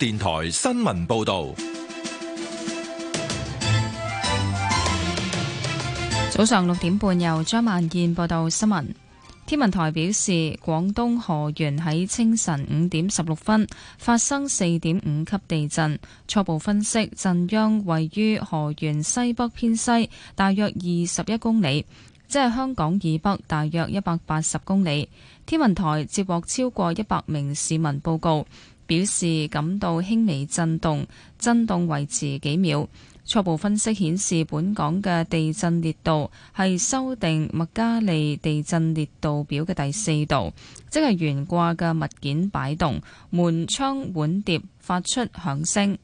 電台新聞報道，早上六點半由張萬燕報道新聞。天文台表示，廣東河源喺清晨五點十六分發生四點五級地震，初步分析震央位於河源西北偏西大約二十一公里，即係香港以北大約一百八十公里。天文台接獲超過一百名市民報告。表示感到輕微震動，震動維持幾秒。初步分析顯示，本港嘅地震烈度係修訂麥加利地震烈度表嘅第四度，即係懸掛嘅物件擺動，門窗碗碟發出響聲。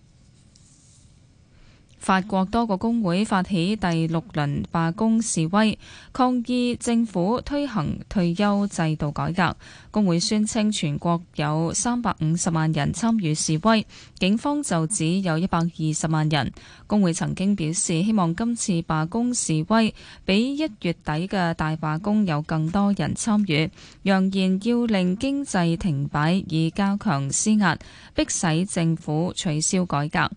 法國多個工會發起第六輪罷工示威，抗議政府推行退休制度改革。工會宣稱全國有三百五十萬人參與示威，警方就只有一百二十萬人。工會曾經表示，希望今次罷工示威比一月底嘅大罷工有更多人參與，揚言要令經濟停擺，以加強施壓，迫使政府取消改革。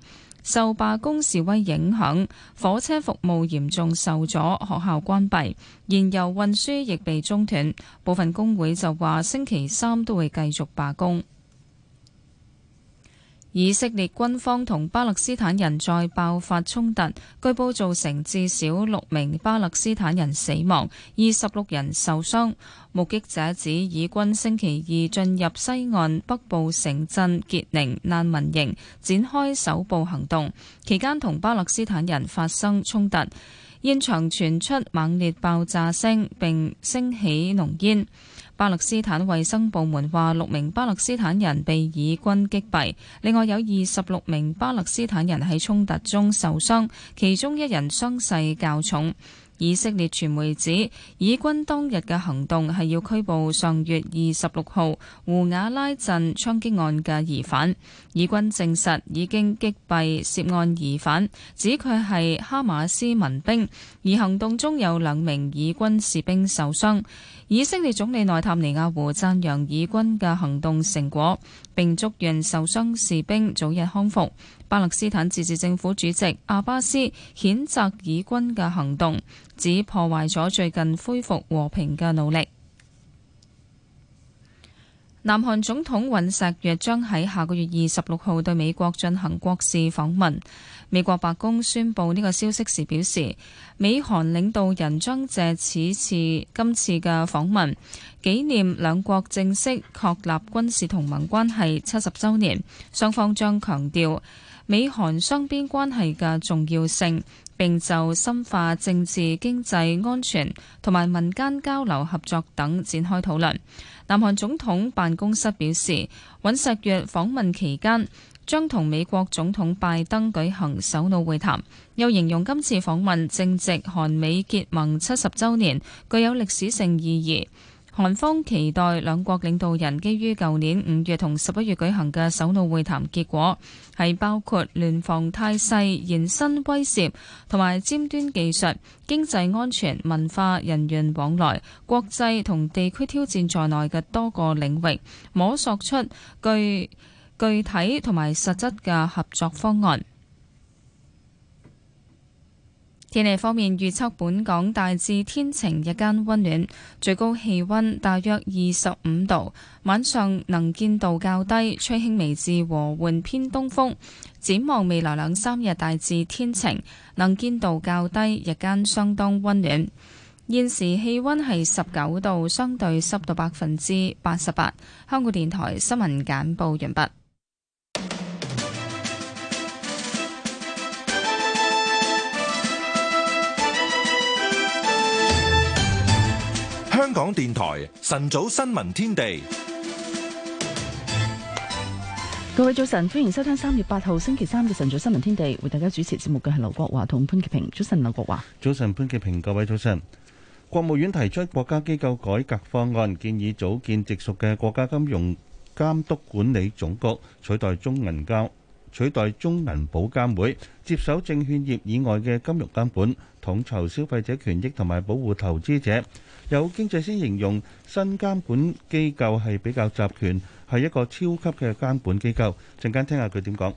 受罷工示威影響，火車服務嚴重受阻，學校關閉，燃油運輸亦被中斷。部分工會就話，星期三都會繼續罷工。以色列軍方同巴勒斯坦人再爆發衝突，據報造成至少六名巴勒斯坦人死亡，二十六人受傷。目擊者指以軍星期二進入西岸北部城鎮傑寧難民營，展開首部行動，期間同巴勒斯坦人發生衝突，現場傳出猛烈爆炸聲並升起濃煙。巴勒斯坦衛生部門話，六名巴勒斯坦人被以軍擊斃，另外有二十六名巴勒斯坦人喺衝突中受傷，其中一人傷勢較重。以色列傳媒指，以軍當日嘅行動係要拘捕上月二十六號胡瓦拉鎮槍擊案嘅疑犯。以軍證實已經擊斃涉案疑犯，指佢係哈馬斯民兵，而行動中有兩名以軍士兵受傷。以色列總理內塔尼亞胡讚揚以軍嘅行動成果，並祝願受傷士兵早日康復。巴勒斯坦自治政府主席阿巴斯譴責以軍嘅行動，指破壞咗最近恢復和平嘅努力。南韓總統尹錫悦將喺下個月二十六號對美國進行國事訪問。美國白宮宣布呢個消息時表示，美韓領導人將借此次今次嘅訪問，紀念兩國正式確立軍事同盟關係七十週年。雙方將強調美韓雙邊關係嘅重要性，並就深化政治、經濟、安全同埋民間交流合作等展開討論。南韓總統辦公室表示，尹錫悅訪問期間將同美國總統拜登舉行首腦會談，又形容今次訪問正值韓美結盟七十週年，具有歷史性意義。韓方期待兩國領導人基於舊年五月同十一月舉行嘅首腦會談結果，係包括聯防態勢、延伸威懾同埋尖端技術、經濟安全、文化人員往來、國際同地區挑戰在內嘅多個領域，摸索出具具體同埋實質嘅合作方案。天氣方面，預測本港大致天晴，日間溫暖，最高氣溫大約二十五度。晚上能見度較低，吹輕微至和緩偏東風。展望未來兩三日大致天晴，能見度較低，日間相當溫暖。現時氣溫係十九度，相對濕度百分之八十八。香港電台新聞簡報完畢。香港電台晨早新聞天地，各位早晨，歡迎收聽三月八號星期三嘅晨早新聞天地，為大家主持節目嘅係劉國華同潘潔平。早晨，劉國華，早晨，潘潔平，各位早晨。國務院提出國家機構改革方案，建議組建直屬嘅國家金融監督管理總局，取代中銀監，取代中銀保監會，接手證券業以外嘅金融監管，統籌消費者權益同埋保護投資者。有經濟師形容新監管機構係比較集權，係一個超級嘅監管機構。陣間聽下佢點講。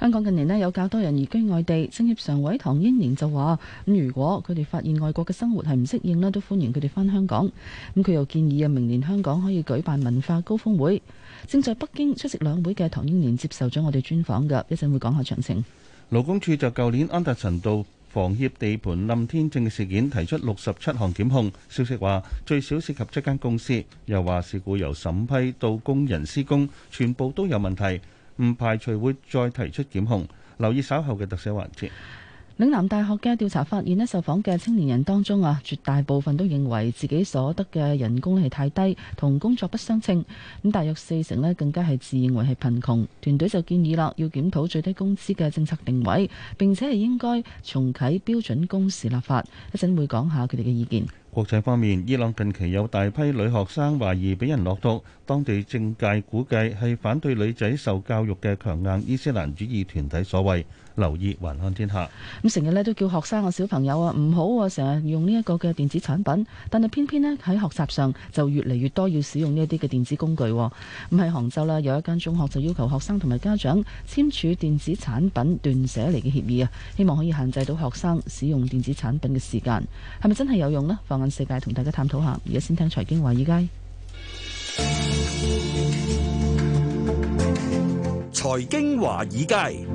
香港近年呢，有較多人移居外地，政協常委唐英年就話：咁如果佢哋發現外國嘅生活係唔適應咧，都歡迎佢哋翻香港。咁佢又建議啊，明年香港可以舉辦文化高峰會。正在北京出席兩會嘅唐英年接受咗我哋專訪嘅，一陣會講下詳情。勞工處就舊年安達臣道。房協地盤冧天正嘅事件提出六十七項檢控，消息話最少涉及七間公司，又話事故由審批到工人施工，全部都有問題，唔排除會再提出檢控。留意稍後嘅特寫環節。嶺南大學嘅調查發現咧，受訪嘅青年人當中啊，絕大部分都認為自己所得嘅人工咧係太低，同工作不相稱。咁大約四成咧，更加係自認為係貧窮。團隊就建議啦，要檢討最低工資嘅政策定位，並且係應該重啟標準工時立法。會會講一陣會講下佢哋嘅意見。國際方面，伊朗近期有大批女學生懷疑俾人落毒，當地政界估計係反對女仔受教育嘅強硬伊斯蘭主義團體所為。留意環看天下。咁成日咧都叫學生啊、小朋友啊唔好成日、哦、用呢一個嘅電子產品，但係偏偏咧喺學習上就越嚟越多要使用呢一啲嘅電子工具、哦。咁、嗯、喺杭州啦，有一間中學就要求學生同埋家長簽署電子產品斷捨離嘅協議啊，希望可以限制到學生使用電子產品嘅時間。係咪真係有用呢？世界同大家探討下，而家先聽財經華爾街。財經華爾街，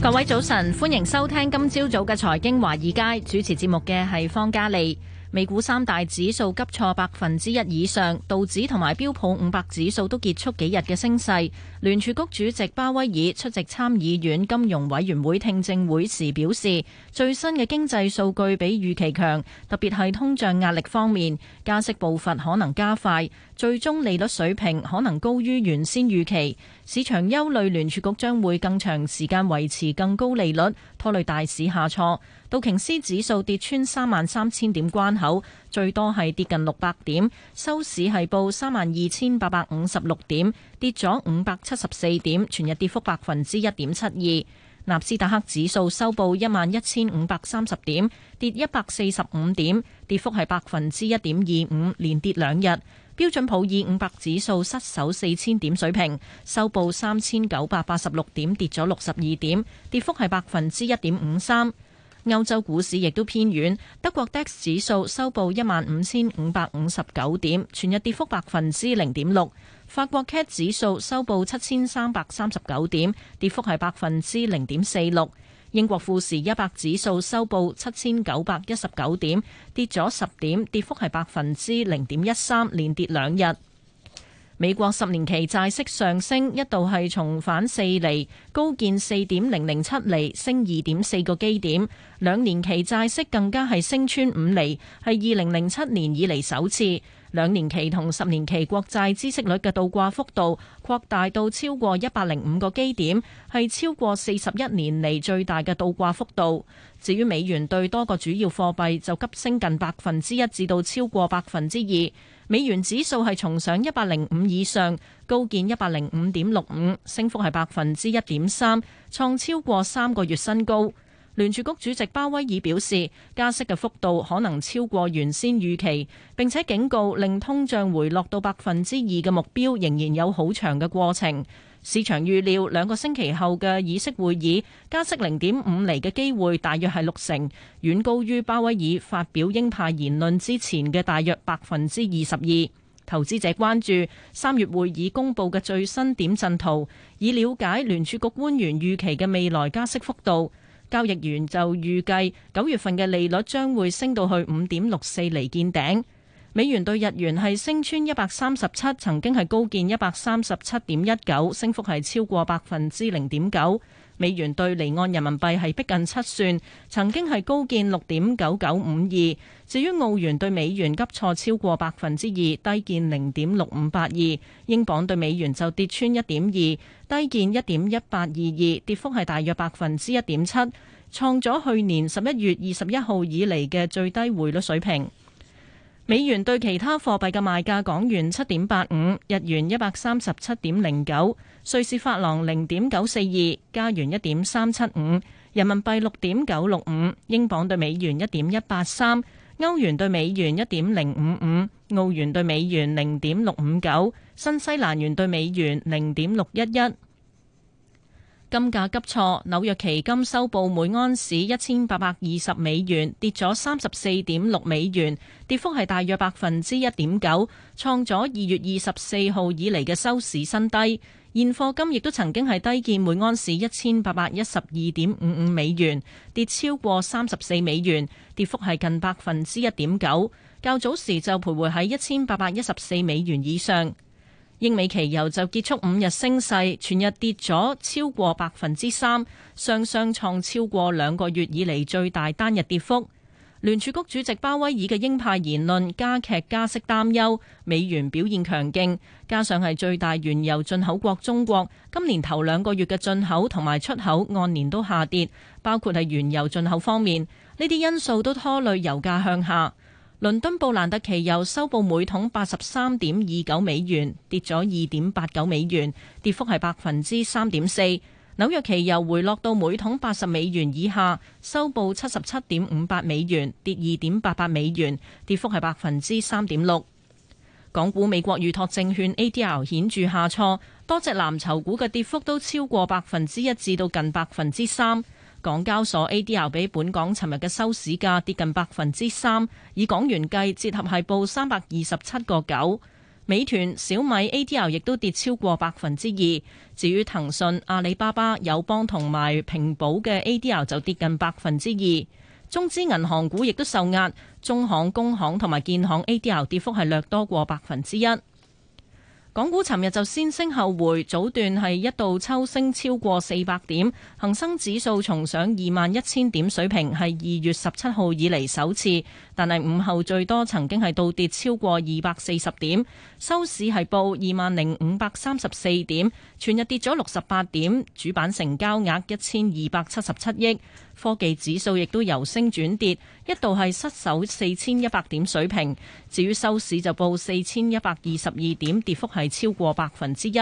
各位早晨，歡迎收聽今朝早嘅財經華爾街。主持節目嘅係方嘉利。美股三大指數急挫百分之一以上，道指同埋標普五百指數都結束幾日嘅升勢。聯儲局主席巴威爾出席參議院金融委員會聽證會時表示，最新嘅經濟數據比預期強，特別係通脹壓力方面，加息步伐可能加快，最終利率水平可能高於原先預期。市場憂慮聯儲局將會更長時間維持更高利率，拖累大市下挫。道瓊斯指數跌穿三萬三千點關口。最多係跌近六百點，收市係報三萬二千八百五十六點，跌咗五百七十四點，全日跌幅百分之一點七二。納斯達克指數收報一萬一千五百三十點，跌一百四十五點，跌幅係百分之一點二五，連跌兩日。標準普爾五百指數失守四千點水平，收報三千九百八十六點，跌咗六十二點，跌幅係百分之一點五三。歐洲股市亦都偏軟，德國 DAX 指數收報一萬五千五百五十九點，全日跌幅百分之零點六。法國 CAC 指數收報七千三百三十九點，跌幅係百分之零點四六。英國富時一百指數收報七千九百一十九點，跌咗十點，跌幅係百分之零點一三，連跌兩日。美國十年期債息上升一度係重返四厘，高見四點零零七厘，升二點四個基點。兩年期債息更加係升穿五厘，係二零零七年以嚟首次。兩年期同十年期國債孳息率嘅倒掛幅度擴大到超過一百零五個基點，係超過四十一年嚟最大嘅倒掛幅度。至於美元對多個主要貨幣就急升近百分之一，至到超過百分之二。美元指數係重上一百零五以上，高見一百零五點六五，升幅係百分之一點三，創超過三個月新高。聯儲局主席鮑威爾表示，加息嘅幅度可能超過原先預期，並且警告令通脹回落到百分之二嘅目標仍然有好長嘅過程。市場預料兩個星期後嘅議息會議加息零點五厘嘅機會大約係六成，遠高於鮑威爾發表鷹派言論之前嘅大約百分之二十二。投資者關注三月會議公佈嘅最新點陣圖，以了解聯儲局官員預期嘅未來加息幅度。交易員就預計九月份嘅利率將會升到去五點六四厘見頂。美元兌日元係升穿一百三十七，曾經係高見一百三十七點一九，升幅係超過百分之零點九。美元對離岸人民幣係逼近七算，曾經係高見六點九九五二。至於澳元對美元急挫超過百分之二，低見零點六五八二。英鎊對美元就跌穿一點二，低見一點一八二二，跌幅係大約百分之一點七，創咗去年十一月二十一號以嚟嘅最低匯率水平。美元對其他貨幣嘅賣價：港元七點八五，日元一百三十七點零九，瑞士法郎零點九四二，加元一點三七五，人民幣六點九六五，英鎊對美元一點一八三，歐元對美元一點零五五，澳元對美元零點六五九，新西蘭元對美元零點六一一。金價急挫，紐約期金收報每安士一千八百二十美元，跌咗三十四點六美元，跌幅係大約百分之一點九，創咗二月二十四號以嚟嘅收市新低。現貨金亦都曾經係低見每安士一千八百一十二點五五美元，跌超過三十四美元，跌幅係近百分之一點九。較早時就徘徊喺一千八百一十四美元以上。英美期油就結束五日升勢，全日跌咗超過百分之三，雙雙創超過兩個月以嚟最大單日跌幅。聯儲局主席鮑威爾嘅鷹派言論加劇加息擔憂，美元表現強勁，加上係最大原油進口國中國今年頭兩個月嘅進口同埋出口按年都下跌，包括係原油進口方面，呢啲因素都拖累油價向下。倫敦布蘭特期油收報每桶八十三點二九美元，跌咗二點八九美元，跌幅係百分之三點四。紐約期油回落到每桶八十美元以下，收報七十七點五八美元，跌二點八八美元，跌幅係百分之三點六。港股美國預託證券 ADR 顯著下挫，多隻藍籌股嘅跌幅都超過百分之一至到近百分之三。港交所 ADR 比本港尋日嘅收市價跌近百分之三，以港元計，折合係報三百二十七個九。美團、小米 ADR 亦都跌超過百分之二。至於騰訊、阿里巴巴、友邦同埋平保嘅 ADR 就跌近百分之二。中資銀行股亦都受壓，中行、工行同埋建行 ADR 跌幅係略多過百分之一。港股尋日就先升後回，早段係一度抽升超過四百點，恒生指數重上二萬一千點水平，係二月十七號以嚟首次。但係午後最多曾經係倒跌超過二百四十點，收市係報二萬零五百三十四點，全日跌咗六十八點，主板成交額一千二百七十七億，科技指數亦都由升轉跌，一度係失守四千一百點水平，至於收市就報四千一百二十二點，跌幅係超過百分之一。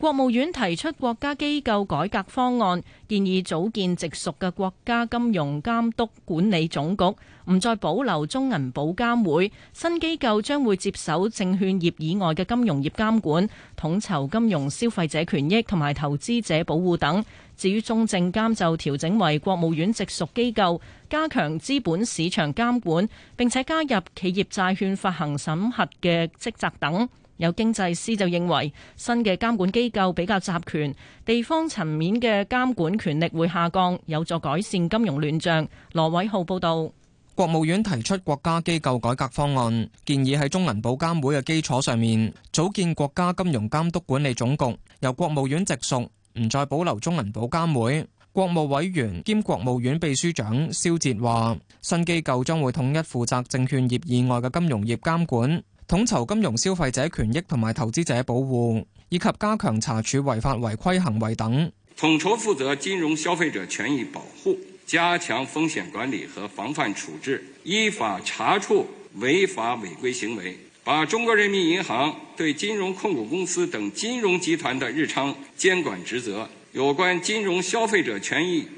國務院提出國家機構改革方案，建議組建直屬嘅國家金融監督管理總局，唔再保留中銀保監會。新機構將會接手證券業以外嘅金融業監管，統籌金融消費者權益同埋投資者保護等。至於中證監就調整為國務院直屬機構，加強資本市場監管，並且加入企業債券發行審核嘅職責等。有經濟師就認為，新嘅監管機構比較集權，地方層面嘅監管權力會下降，有助改善金融亂象。羅偉浩報導，國務院提出國家機構改革方案，建議喺中銀保監會嘅基礎上面，組建國家金融監督管理總局，由國務院直屬，唔再保留中銀保監會。國務委員兼國務院秘書長肖捷話：新機構將會統一負責證券業以外嘅金融業監管。統籌金融消費者權益同埋投資者保護，以及加強查處違法違規行為等。統籌負責金融消費者權益保護，加強風險管理和防範處置，依法查處違法違規行為，把中國人民銀行對金融控股公司等金融集團的日常監管職責，有關金融消費者權益。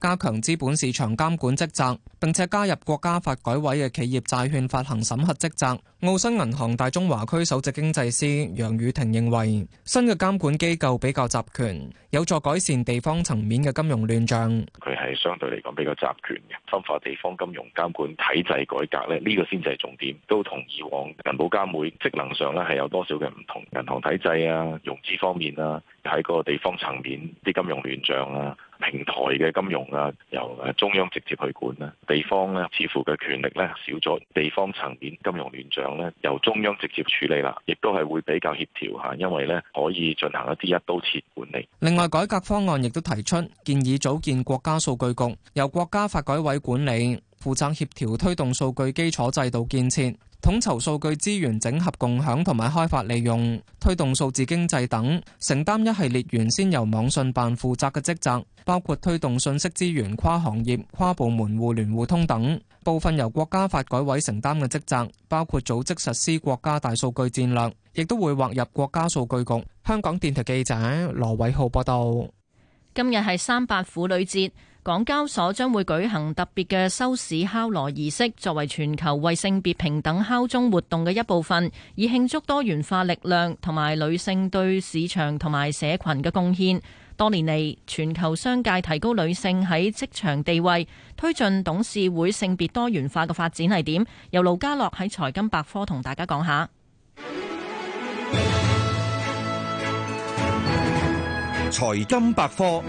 加強資本市場監管職責，並且加入國家發改委嘅企業債券發行審核職責。澳新銀行大中華區首席經濟師楊宇霆認為，新嘅監管機構比較集權，有助改善地方層面嘅金融亂象。佢係相對嚟講比較集權嘅，深化地方金融監管體制改革咧，呢個先至係重點。都同以往銀保監會職能上咧，係有多少嘅唔同，銀行體制啊、融資方面啦、啊，喺嗰個地方層面啲金融亂象啊。平台嘅金融啊，由誒中央直接去管啦，地方呢似乎嘅權力呢少咗，地方層面金融亂象呢，由中央直接處理啦，亦都係會比較協調吓，因為呢可以進行一啲一刀切管理。另外，改革方案亦都提出建議組建國家數據局，由國家發改委管理，負責協調推動數據基礎制度建設。統籌數據資源整合共享同埋開發利用，推動數字經濟等，承擔一系列原先由網信辦負責嘅職責，包括推動信息資源跨行業、跨部門互聯互通等；部分由國家發改委承擔嘅職責，包括組織實施國家大數據戰略，亦都會劃入國家數據局。香港電台記者羅偉浩報道。今日係三八婦女節。港交所將會舉行特別嘅收市敲鑼儀式，作為全球為性別平等敲鐘活動嘅一部分，以慶祝多元化力量同埋女性對市場同埋社群嘅貢獻。多年嚟，全球商界提高女性喺職場地位、推進董事會性別多元化嘅發展係點？由盧家樂喺財金百科同大家講下。財金百科。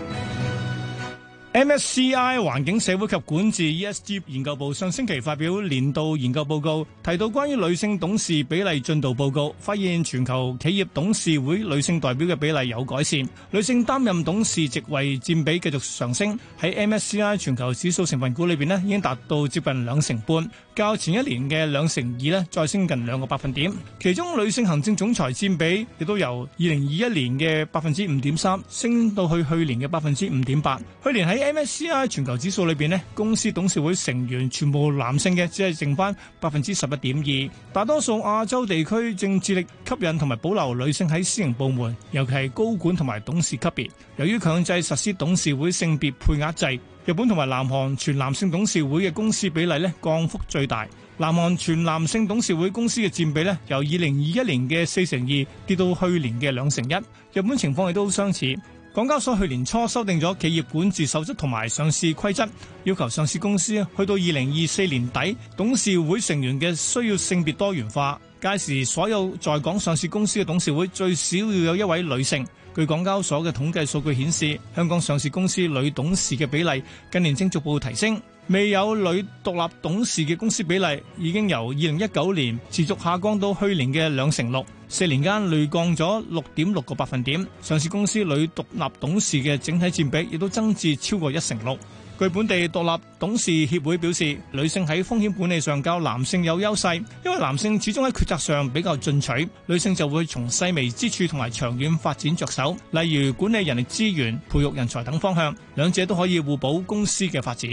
MSCI 環境、社會及管治 ESG 研究部上星期發表年度研究報告，提到關於女性董事比例進度報告，發現全球企業董事會女性代表嘅比例有改善，女性擔任董事席位佔比繼續上升，喺 MSCI 全球指數成分股裏邊呢，已經達到接近兩成半。較前一年嘅兩成二咧，再升近兩個百分點。其中女性行政總裁佔比亦都由二零二一年嘅百分之五點三，升到去去年嘅百分之五點八。去年喺 MSCI 全球指數裏邊咧，公司董事會成員全部男性嘅，只係剩翻百分之十一點二。大多數亞洲地區正致力吸引同埋保留女性喺私營部門，尤其係高管同埋董事級別。由於強制實施董事會性別配額制。日本同埋南韓全男性董事會嘅公司比例咧，降幅最大。南韓全男性董事會公司嘅佔比咧，由二零二一年嘅四成二跌到去年嘅兩成一。日本情況亦都相似。港交所去年初修訂咗企業管治守則同埋上市規則，要求上市公司去到二零二四年底，董事會成員嘅需要性別多元化。屆時所有在港上市公司嘅董事會最少要有一位女性。據港交所嘅統計數據顯示，香港上市公司女董事嘅比例近年正逐步提升，未有女獨立董事嘅公司比例已經由二零一九年持續下降到去年嘅兩成六，四年間累降咗六點六個百分點，上市公司女獨立董事嘅整體佔比亦都增至超過一成六。據本地獨立董事協會表示，女性喺風險管理上較男性有優勢，因為男性始終喺決策上比較進取，女性就會從細微之處同埋長遠發展着手，例如管理人力資源、培育人才等方向，兩者都可以互補公司嘅發展。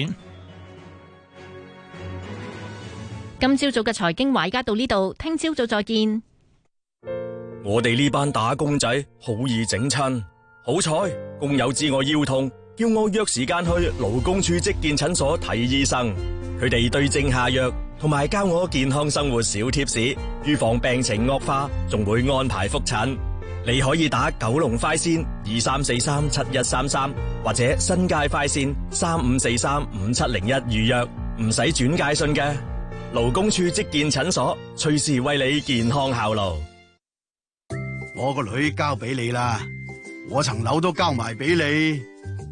今朝早嘅財經話家到呢度，聽朝早再見。我哋呢班打工仔好易整親，好彩工友知我腰痛。叫我約時間去勞工處職健診所睇醫生，佢哋對症下藥，同埋教我健康生活小貼士，預防病情惡化，仲會安排復診。你可以打九龍快線二三四三七一三三，或者新界快線三五四三五七零一預約，唔使轉介信嘅。勞工處職健診所隨時為你健康效勞。我個女交俾你啦，我層樓都交埋俾你。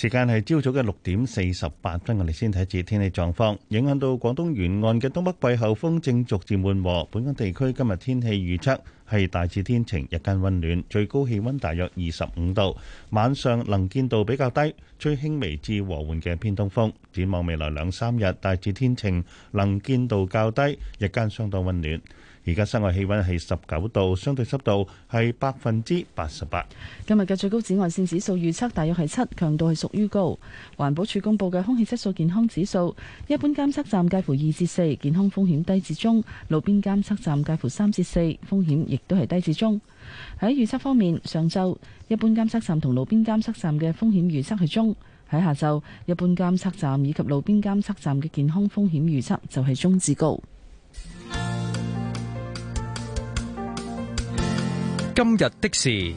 時間係朝早嘅六點四十八分，我哋先睇下今日天氣狀況。影響到廣東沿岸嘅東北季候風正逐漸緩和。本港地區今日天氣預測係大致天晴，日間溫暖，最高氣溫大約二十五度。晚上能見度比較低，吹輕微至和緩嘅偏東風。展望未來兩三日，大致天晴，能見度較低，日間相當溫暖。而家室外氣温係十九度，相對濕度係百分之八十八。今日嘅最高紫外線指數預測大約係七，強度係屬於高。環保署公布嘅空氣質素健康指數，一般監測站介乎二至四，健康風險低至中；路邊監測站介乎三至四，風險亦都係低至中。喺預測方面，上晝一般監測站同路邊監測站嘅風險預測係中；喺下晝一般監測站以及路邊監測站嘅健康風險預測就係中至高。今日的事，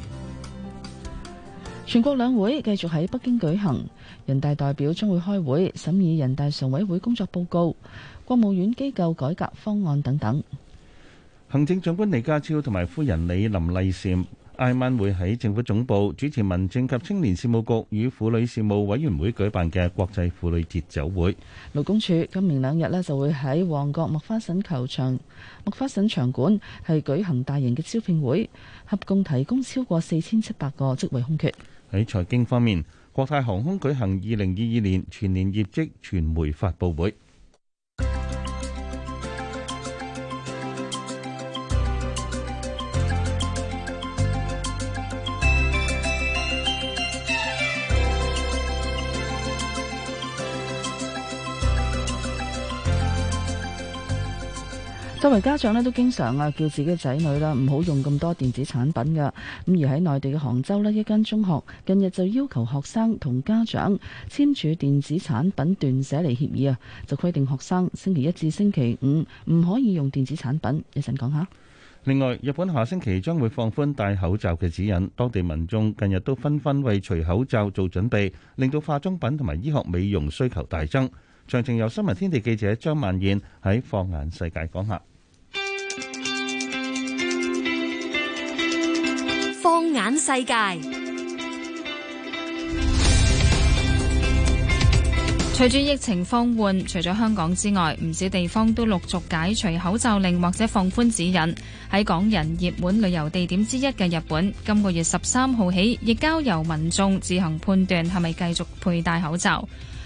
全國兩會繼續喺北京舉行，人大代表將會開會審議人大常委會工作報告、國務院機構改革方案等等。行政長官李家超同埋夫人李林麗善。艾曼會喺政府總部主持民政及青年事務局與婦女事務委員會舉辦嘅國際婦女節酒會。勞工處今明兩日咧就會喺旺角麥花臣球場、麥花臣場館係舉行大型嘅招聘會，合共提供超過四千七百個職位空缺。喺財經方面，國泰航空舉行二零二二年全年業績傳媒發佈會。作為家長咧，都經常啊叫自己嘅仔女啦，唔好用咁多電子產品噶。咁而喺內地嘅杭州呢一間中學近日就要求學生同家長簽署電子產品斷捨離協議啊，就規定學生星期一至星期五唔可以用電子產品。講一陣講下。另外，日本下星期將會放寬戴口罩嘅指引，當地民眾近日都紛紛為除口罩做準備，令到化妝品同埋醫學美容需求大增。詳情由新聞天地記者張曼燕喺放眼世界講下。放眼世界，隨住疫情放緩，除咗香港之外，唔少地方都陸續解除口罩令或者放寬指引。喺港人熱門旅遊地點之一嘅日本，今個月十三號起，亦交由民眾自行判斷係咪繼續佩戴口罩。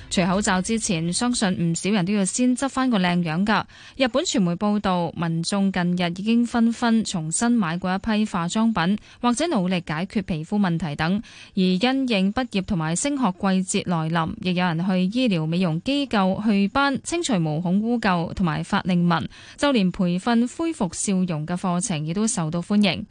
除口罩之前，相信唔少人都要先執翻個靚樣噶。日本傳媒報道，民眾近日已經紛紛重新買過一批化妝品，或者努力解決皮膚問題等。而因應畢業同埋升學季節來臨，亦有人去醫療美容機構去斑、清除毛孔污垢同埋法令紋，就連培訓恢復笑容嘅課程亦都受到歡迎。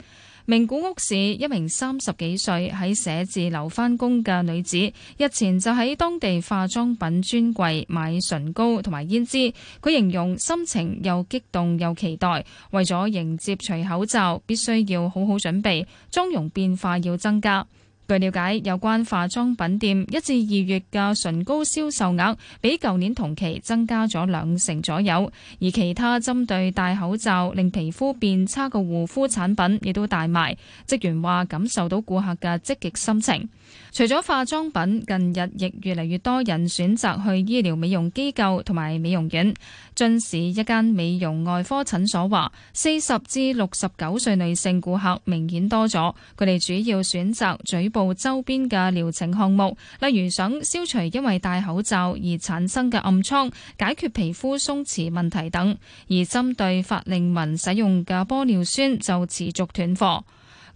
名古屋市一名三十幾歲喺寫字樓返工嘅女子，日前就喺當地化妝品專櫃買唇膏同埋胭脂。佢形容心情又激動又期待，為咗迎接除口罩，必須要好好準備，妝容變化要增加。據了解，有關化妝品店一至二月嘅唇膏銷售額比舊年同期增加咗兩成左右，而其他針對戴口罩令皮膚變差嘅護膚產品亦都大賣。職員話感受到顧客嘅積極心情。除咗化妝品，近日亦越嚟越多人選擇去醫療美容機構同埋美容院。晉氏一間美容外科診所話，四十至六十九歲女性顧客明顯多咗，佢哋主要選擇嘴部周邊嘅療程項目，例如想消除因為戴口罩而產生嘅暗瘡、解決皮膚鬆弛問題等。而針對法令紋使用嘅玻尿酸就持續斷貨。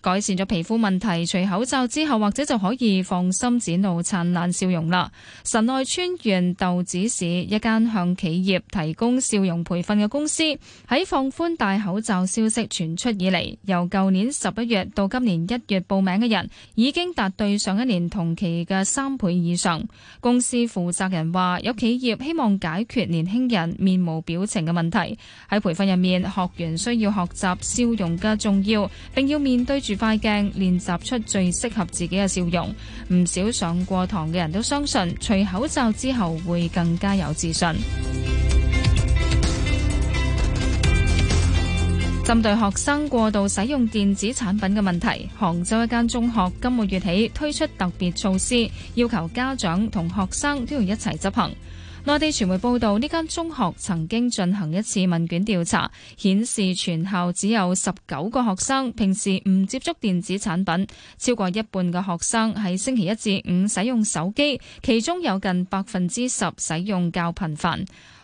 改善咗皮膚問題，除口罩之後，或者就可以放心展露燦爛笑容啦。神奈川縣豆子市一間向企業提供笑容培訓嘅公司，喺放寬戴口罩消息傳出以嚟，由舊年十一月到今年一月報名嘅人已經達對上一年同期嘅三倍以上。公司負責人話，有企業希望解決年輕人面無表情嘅問題，喺培訓入面，學員需要學習笑容嘅重要，並要面對。住塊鏡練習出最適合自己嘅笑容，唔少上過堂嘅人都相信，除口罩之後會更加有自信。 針對學生過度使用電子產品嘅問題，杭州一間中學今個月起推出特別措施，要求家長同學生都要一齊執行。內地傳媒報道，呢間中學曾經進行一次問卷調查，顯示全校只有十九個學生平時唔接觸電子產品，超過一半嘅學生喺星期一至五使用手機，其中有近百分之十使用較頻繁。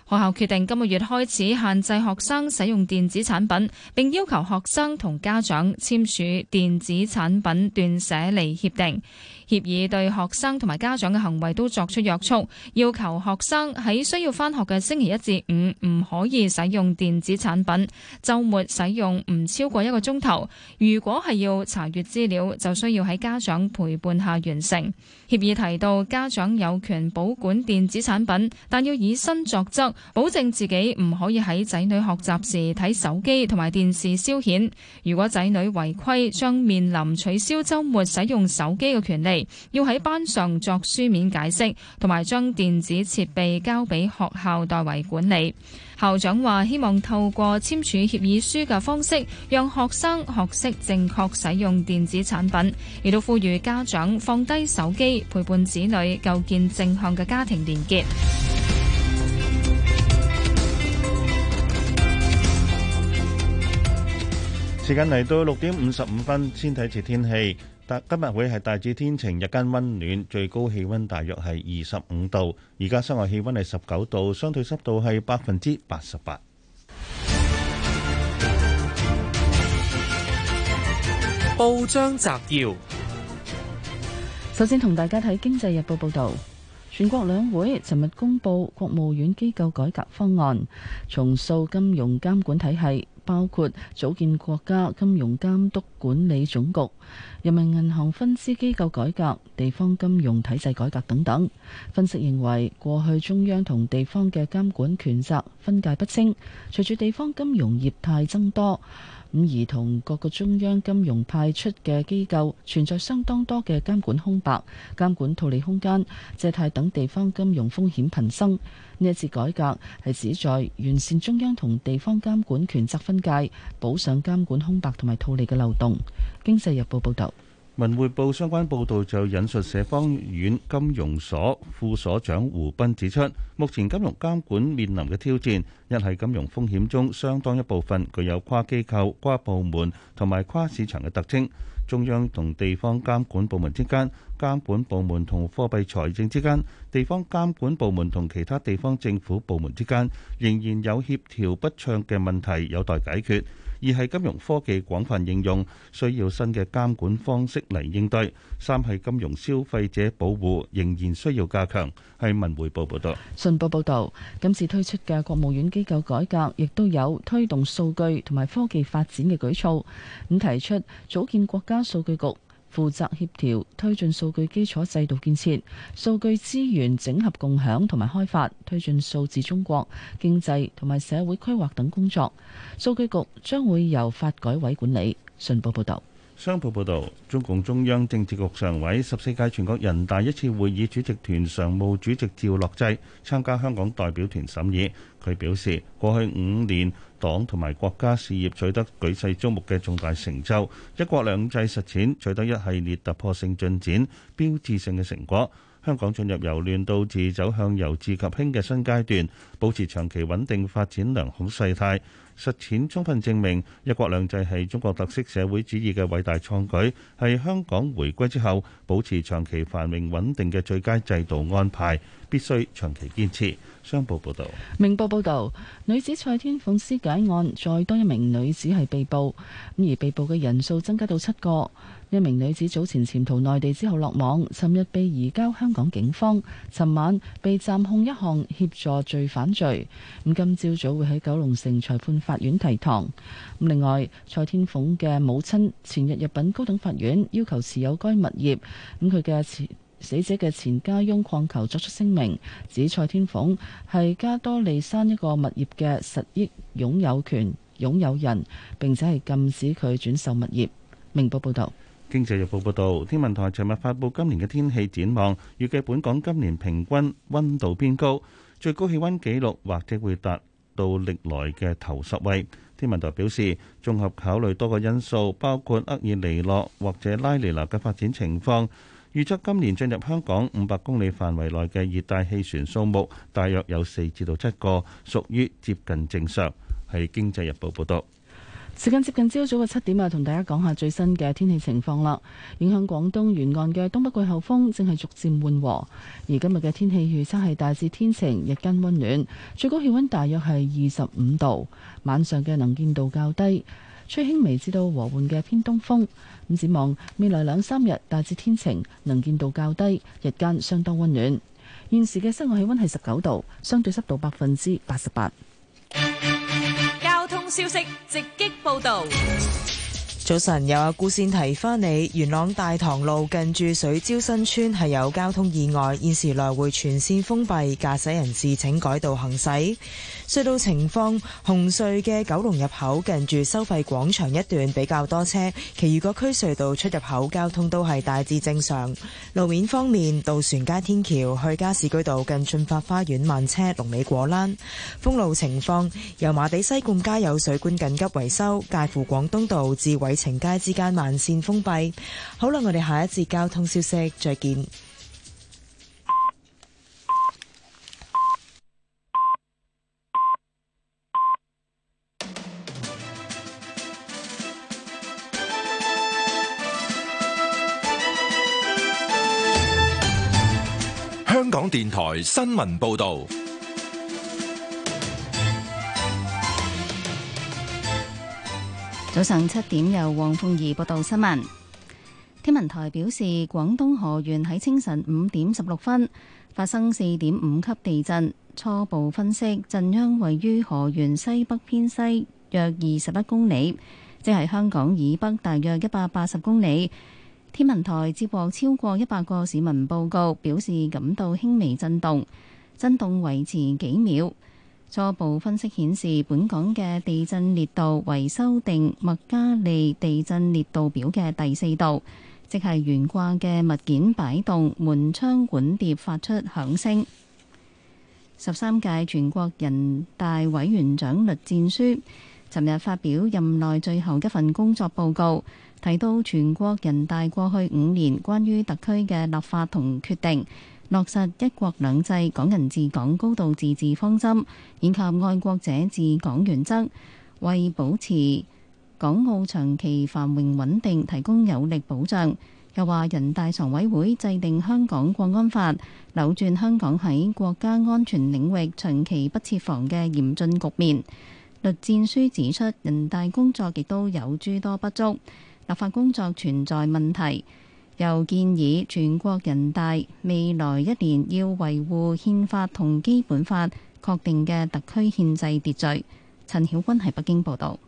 學校決定今個月開始限制學生使用電子產品，並要求學生同家長簽署電子產品斷捨離協定。協議對學生同埋家長嘅行為都作出約束，要求學生喺需要返學嘅星期一至五唔可以使用電子產品，週末使用唔超過一個鐘頭。如果係要查閱資料，就需要喺家長陪伴下完成。協議提到家長有權保管電子產品，但要以身作則，保證自己唔可以喺仔女學習時睇手機同埋電視消遣。如果仔女違規，將面臨取消週末使用手機嘅權利。要喺班上作書面解釋，同埋將電子設備交俾學校代為管理。校長話：希望透過簽署協議書嘅方式，讓學生學識正確使用電子產品，亦都呼籲家長放低手機，陪伴子女，構建正向嘅家庭連結。時間嚟到六點五十五分，先睇住天氣。今日會係大致天晴，日間溫暖，最高氣溫大約係二十五度。而家室外氣溫係十九度，相對濕度係百分之八十八。報章摘要，首先同大家睇《經濟日報》報道，全國兩會尋日公布國務院機構改革方案，重塑金融監管體系。包括組建國家金融監督管理總局、人民銀行分支機構改革、地方金融體制改革等等。分析認為，過去中央同地方嘅監管權責分界不清，隨住地方金融業態增多。咁而同各個中央金融派出嘅機構存在相當多嘅監管空白、監管套利空間、借貸等地方金融風險頻生。呢一次改革係旨在完善中央同地方監管權責分界，補上監管空白同埋套利嘅漏洞。經濟日報報道。文匯報相關報導就引述社方院金融所副所長胡斌指出，目前金融監管面臨嘅挑戰，一係金融風險中相當一部分具有跨機構、跨部門同埋跨市場嘅特徵，中央同地方監管部門之間、監管部門同貨幣財政之間、地方監管部門同其他地方政府部門之間，仍然有協調不暢嘅問題有待解決。二係金融科技廣泛應用，需要新嘅監管方式嚟應對；三係金融消費者保護仍然需要加強。係文匯報報道，信報報道，今次推出嘅國務院機構改革，亦都有推動數據同埋科技發展嘅舉措。咁提出組建國家數據局。負責協調推進數據基礎制度建設、數據資源整合共享同埋開發，推進數字中國、經濟同埋社會規劃等工作。數據局將會由發改委管理。信報報道，商報報道，中共中央政治局常委、十四屆全國人大一次會議主席團常務主席趙樂際參加香港代表團審議。佢表示，過去五年。黨同埋國家事業取得舉世矚目嘅重大成就，一國兩制實踐取得一系列突破性進展、標誌性嘅成果。香港進入由亂到治走向由治及興嘅新階段，保持長期穩定發展良好勢態。實踐充分證明，一國兩制係中國特色社會主義嘅偉大創舉，係香港回歸之後保持長期繁榮穩定嘅最佳制度安排，必須長期堅持。商報報道，明報報道，女子蔡天鳳屍解案，再多一名女子係被捕，咁而被捕嘅人數增加到七個。一名女子早前潛逃內地之後落網，尋日被移交香港警方，尋晚被暫控一項協助罪犯罪，咁今朝早會喺九龍城裁判法院提堂。另外，蔡天鳳嘅母親前日入稟高等法院，要求持有該物業，咁佢嘅死者嘅前家翁礦球作出聲明，指蔡天鳳係加多利山一個物業嘅實益擁有權擁有人，並且係禁止佢轉售物業。明報報導，經濟日報報導，天文台尋日發佈今年嘅天氣展望，預計本港今年平均溫度偏高，最高氣温紀錄或者會達到歷來嘅頭十位。天文台表示，綜合考慮多個因素，包括厄爾尼諾或者拉尼娜嘅發展情況。預測今年進入香港五百公里範圍內嘅熱帶氣旋數目大約有四至到七個，屬於接近正常。係《經濟日報》報道。時間接近朝早嘅七點啊，同大家講下最新嘅天氣情況啦。影響廣東沿岸嘅東北季候風正係逐漸緩和，而今日嘅天氣預測係大致天晴，日間温暖，最高氣温大約係二十五度，晚上嘅能見度較低，吹輕微至到和緩嘅偏東風。咁展望未來兩三日大致天晴，能見度較低，日間相當溫暖。現時嘅室外氣溫係十九度，相對濕度百分之八十八。交通消息直擊報道。早晨，有阿顧先提翻你元朗大棠路，近住水蕉新村係有交通意外，現時來回全線封閉，駕駛人士請改道行駛。隧道情況，紅隧嘅九龍入口近住收費廣場一段比較多車，其餘各區隧道出入口交通都係大致正常。路面方面，渡船街天橋去加士居道近駿發花園慢車龍尾果欄。封路情況，油麻地西貢街有水管緊急維修，介乎廣東道至偉晴街之間慢線封閉。好啦，我哋下一節交通消息再見。香港電台新聞報道，早上七點由黃鳳儀報道新聞。天文台表示，廣東河源喺清晨五點十六分發生四點五級地震，初步分析震央位於河源西北偏西約二十一公里，即係香港以北大約一百八十公里。天文台接獲超過一百個市民報告，表示感到輕微震動，震動維持幾秒。初步分析顯示，本港嘅地震烈度為修訂麥加利地震烈度表嘅第四度，即係懸掛嘅物件擺動、門窗碗碟發出響聲。十三屆全國人大委員長栗戰書尋日發表任內最後一份工作報告。提到全國人大過去五年關於特區嘅立法同決定，落實一國兩制、港人治港、高度自治方針，以及愛國者治港原則，為保持港澳長期繁榮穩定提供有力保障。又話人大常委會制定香港國安法，扭轉香港喺國家安全領域長期不設防嘅嚴峻局面。栗戰書指出，人大工作亦都有諸多不足。立法工作存在問題，又建議全國人大未來一年要維護憲法同基本法確定嘅特區憲制秩序。陳曉君喺北京報道。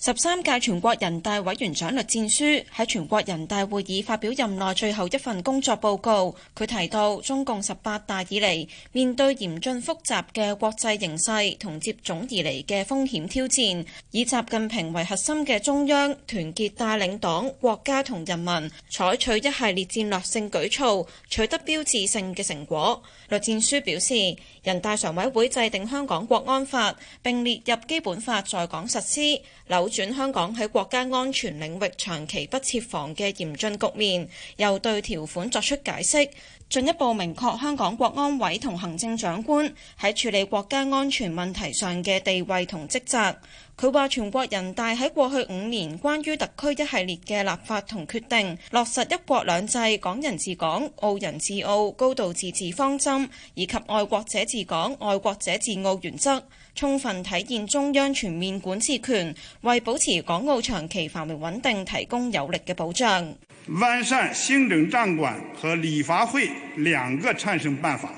十三屆全國人大委員長栗戰書喺全國人大會議發表任內最後一份工作報告，佢提到中共十八大以嚟，面對嚴峻複雜嘅國際形勢同接踵而嚟嘅風險挑戰，以習近平為核心嘅中央團結帶領黨、國家同人民，採取一系列戰略性舉措，取得標誌性嘅成果。栗戰書表示，人大常委會制定香港國安法，並列入基本法在港實施。轉香港喺國家安全領域長期不設防嘅嚴峻局面，又對條款作出解釋，進一步明確香港國安委同行政長官喺處理國家安全問題上嘅地位同職責。佢話全國人大喺過去五年關於特區一系列嘅立法同決定，落實一國兩制、港人治港、澳人治澳、高度自治方針，以及愛國者治港、愛國者治澳原則。充分體現中央全面管治權，為保持港澳長期繁榮穩定，提供有力的保障。完善行政長官和立法會兩個產生辦法，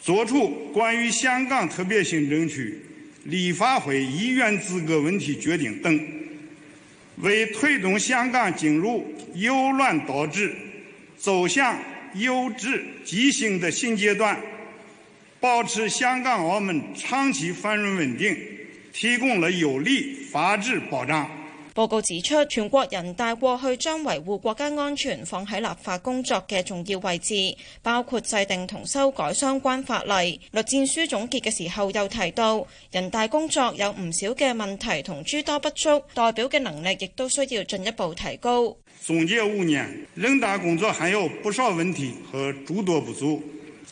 作出關於香港特別行政區立法會議員資格問題決定等，為推動香港進入由亂到治、走向由治及興的新階段。保持香港、澳門長期繁榮穩定，提供了有力法治保障。報告指出，全國人大過去將維護國家安全放喺立法工作嘅重要位置，包括制定同修改相關法例。栗戰書總結嘅時候又提到，人大工作有唔少嘅問題同諸多不足，代表嘅能力亦都需要進一步提高。總結五年，人大工作還有不少問題和諸多不足。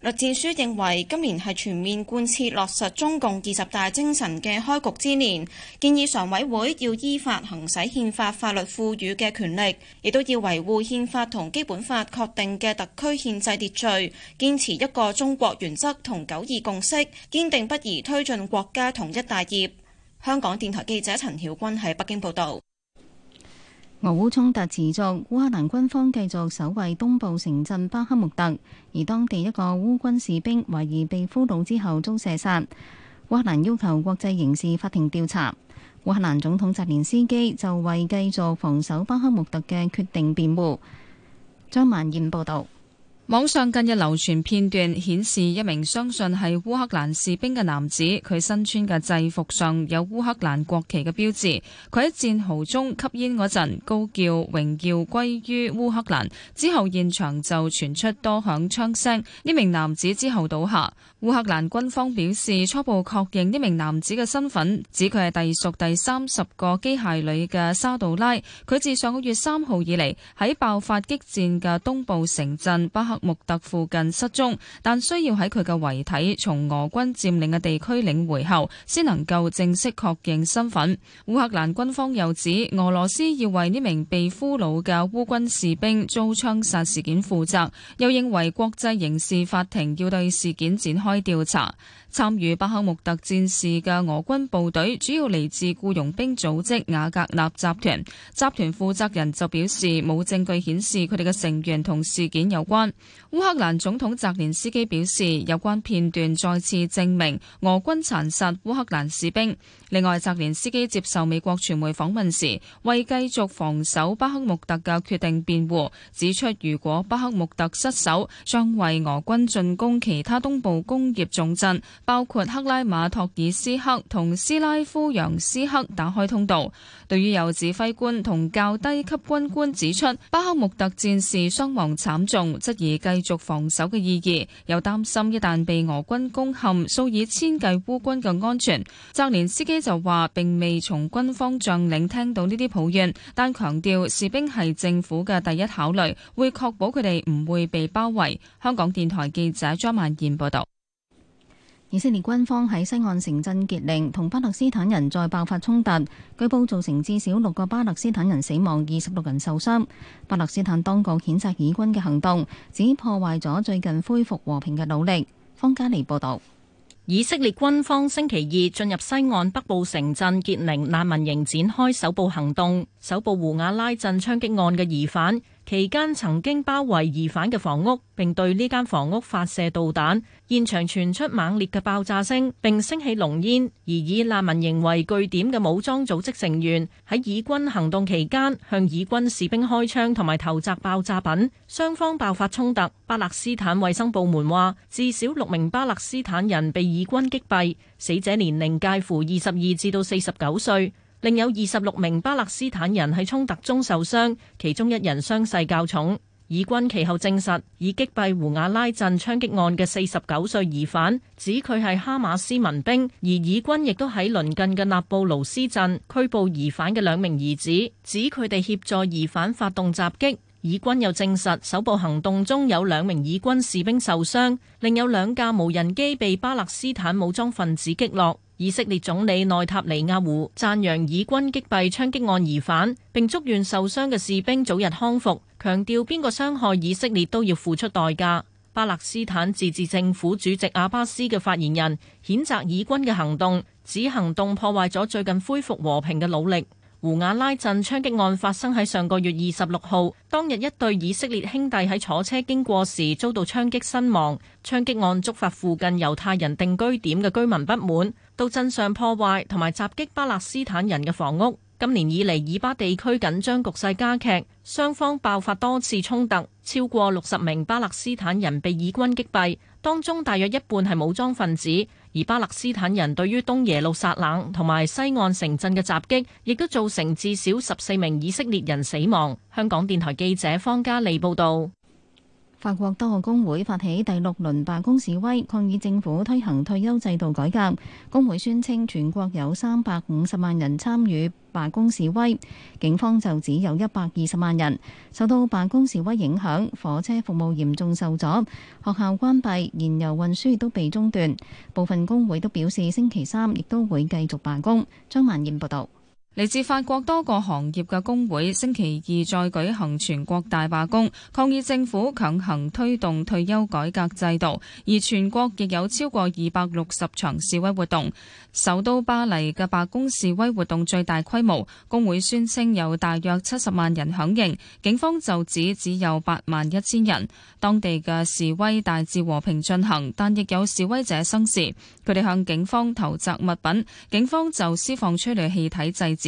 栗戰書認為今年係全面貫徹落實中共二十大精神嘅開局之年，建議常委會要依法行使憲法法律賦予嘅權力，亦都要維護憲法同基本法確定嘅特區憲制秩序，堅持一個中國原則同九二共識，堅定不移推進國家統一大業。香港電台記者陳曉君喺北京報道。俄烏衝突持續，烏克蘭軍方繼續守衛東部城鎮巴克穆特，而當地一個烏軍士兵懷疑被俘虜之後遭射殺。烏克蘭要求國際刑事法庭調查。烏克蘭總統澤連斯基就為繼續防守巴克穆特嘅決定辯護。張曼燕報道。網上近日流傳片段顯示，一名相信係烏克蘭士兵嘅男子，佢身穿嘅制服上有烏克蘭國旗嘅標誌。佢喺戰壕中吸煙嗰陣，高叫榮耀歸於烏克蘭。之後現場就傳出多響槍聲，呢名男子之後倒下。烏克蘭軍方表示初步確認呢名男子嘅身份，指佢係隸屬第三十個機械旅嘅沙杜拉。佢自上個月三號以嚟喺爆發激戰嘅東部城鎮巴克穆特附近失蹤，但需要喺佢嘅遺體從俄軍佔領嘅地區領回後，先能夠正式確認身份。烏克蘭軍方又指俄羅斯要為呢名被俘虜嘅烏軍士兵遭槍殺事件負責，又認為國際刑事法庭要對事件展開調查。參與巴克穆特戰事嘅俄軍部隊主要嚟自僱傭兵組織瓦格納集團，集團負責人就表示冇證據顯示佢哋嘅成員同事件有關。烏克蘭總統澤連斯基表示，有關片段再次證明俄軍殘殺烏克蘭士兵。另外，澤連斯基接受美國傳媒訪問時，為繼續防守巴克穆特嘅決定辯護，指出如果巴克穆特失守，將為俄軍進攻其他東部工業重鎮，包括克拉馬托爾斯克同斯拉夫揚斯克打開通道。對於有指揮官同較低級軍官指出，巴克穆特戰士傷亡慘重，質疑繼續防守嘅意義，又擔心一旦被俄軍攻陷，數以千計烏軍嘅安全。澤連斯基就話並未從軍方將領聽到呢啲抱怨，但強調士兵係政府嘅第一考慮，會確保佢哋唔會被包圍。香港電台記者張曼燕報道。以色列軍方喺西岸城鎮杰寧同巴勒斯坦人再爆發衝突，據報造成至少六個巴勒斯坦人死亡，二十六人受傷。巴勒斯坦當局譴責以軍嘅行動，指破壞咗最近恢復和平嘅努力。方嘉莉報道，以色列軍方星期二進入西岸北部城鎮傑寧難民營，展開搜捕行動，搜捕胡瓦拉鎮槍擊案嘅疑犯。期間曾經包圍疑犯嘅房屋，並對呢間房屋發射導彈，現場傳出猛烈嘅爆炸聲，並升起濃煙。而以難民營為據點嘅武裝組織成員喺以軍行動期間向以軍士兵開槍同埋投擲爆炸品，雙方爆發衝突。巴勒斯坦衛生部門話，至少六名巴勒斯坦人被以軍擊斃，死者年齡介乎二十二至到四十九歲。另有二十六名巴勒斯坦人喺衝突中受傷，其中一人傷勢較重。以軍其後證實已擊斃胡亞拉鎮槍擊案嘅四十九歲疑犯，指佢係哈馬斯民兵。而以軍亦都喺鄰近嘅納布魯斯鎮拘捕疑犯嘅兩名兒子，指佢哋協助疑犯發動襲擊，以軍又證實搜捕行動中有兩名以軍士兵受傷，另有兩架無人機被巴勒斯坦武裝分子擊落。以色列總理內塔尼亞胡讚揚以軍擊斃槍擊案疑犯，並祝願受傷嘅士兵早日康復，強調邊個傷害以色列都要付出代價。巴勒斯坦自治政府主席阿巴斯嘅發言人譴責以軍嘅行動，指行動破壞咗最近恢復和平嘅努力。胡瓦拉鎮槍擊案發生喺上個月二十六號，當日一對以色列兄弟喺坐車經過時遭到槍擊身亡。槍擊案觸發附近猶太人定居點嘅居民不滿，到鎮上破壞同埋襲擊巴勒斯坦人嘅房屋。今年以嚟以巴地區緊張局勢加劇，雙方爆發多次衝突，超過六十名巴勒斯坦人被以軍擊斃，當中大約一半係武裝分子。而巴勒斯坦人對於東耶路撒冷同埋西岸城鎮嘅襲擊，亦都造成至少十四名以色列人死亡。香港電台記者方嘉利報道。法國多個工會發起第六輪罷工示威，抗議政府推行退休制度改革。工會宣稱全國有三百五十萬人參與罷工示威，警方就只有一百二十萬人。受到罷工示威影響，火車服務嚴重受阻，學校關閉，燃油運輸都被中斷。部分工會都表示星期三亦都會繼續罷工。張萬燕報道。嚟自法國多個行業嘅工會星期二再舉行全國大罷工，抗議政府強行推動退休改革制度。而全國亦有超過二百六十場示威活動。首都巴黎嘅罷工示威活動最大規模，工會宣稱有大約七十萬人響應，警方就指只有八萬一千人。當地嘅示威大致和平進行，但亦有示威者生事，佢哋向警方投擲物品，警方就施放催淚氣體制止。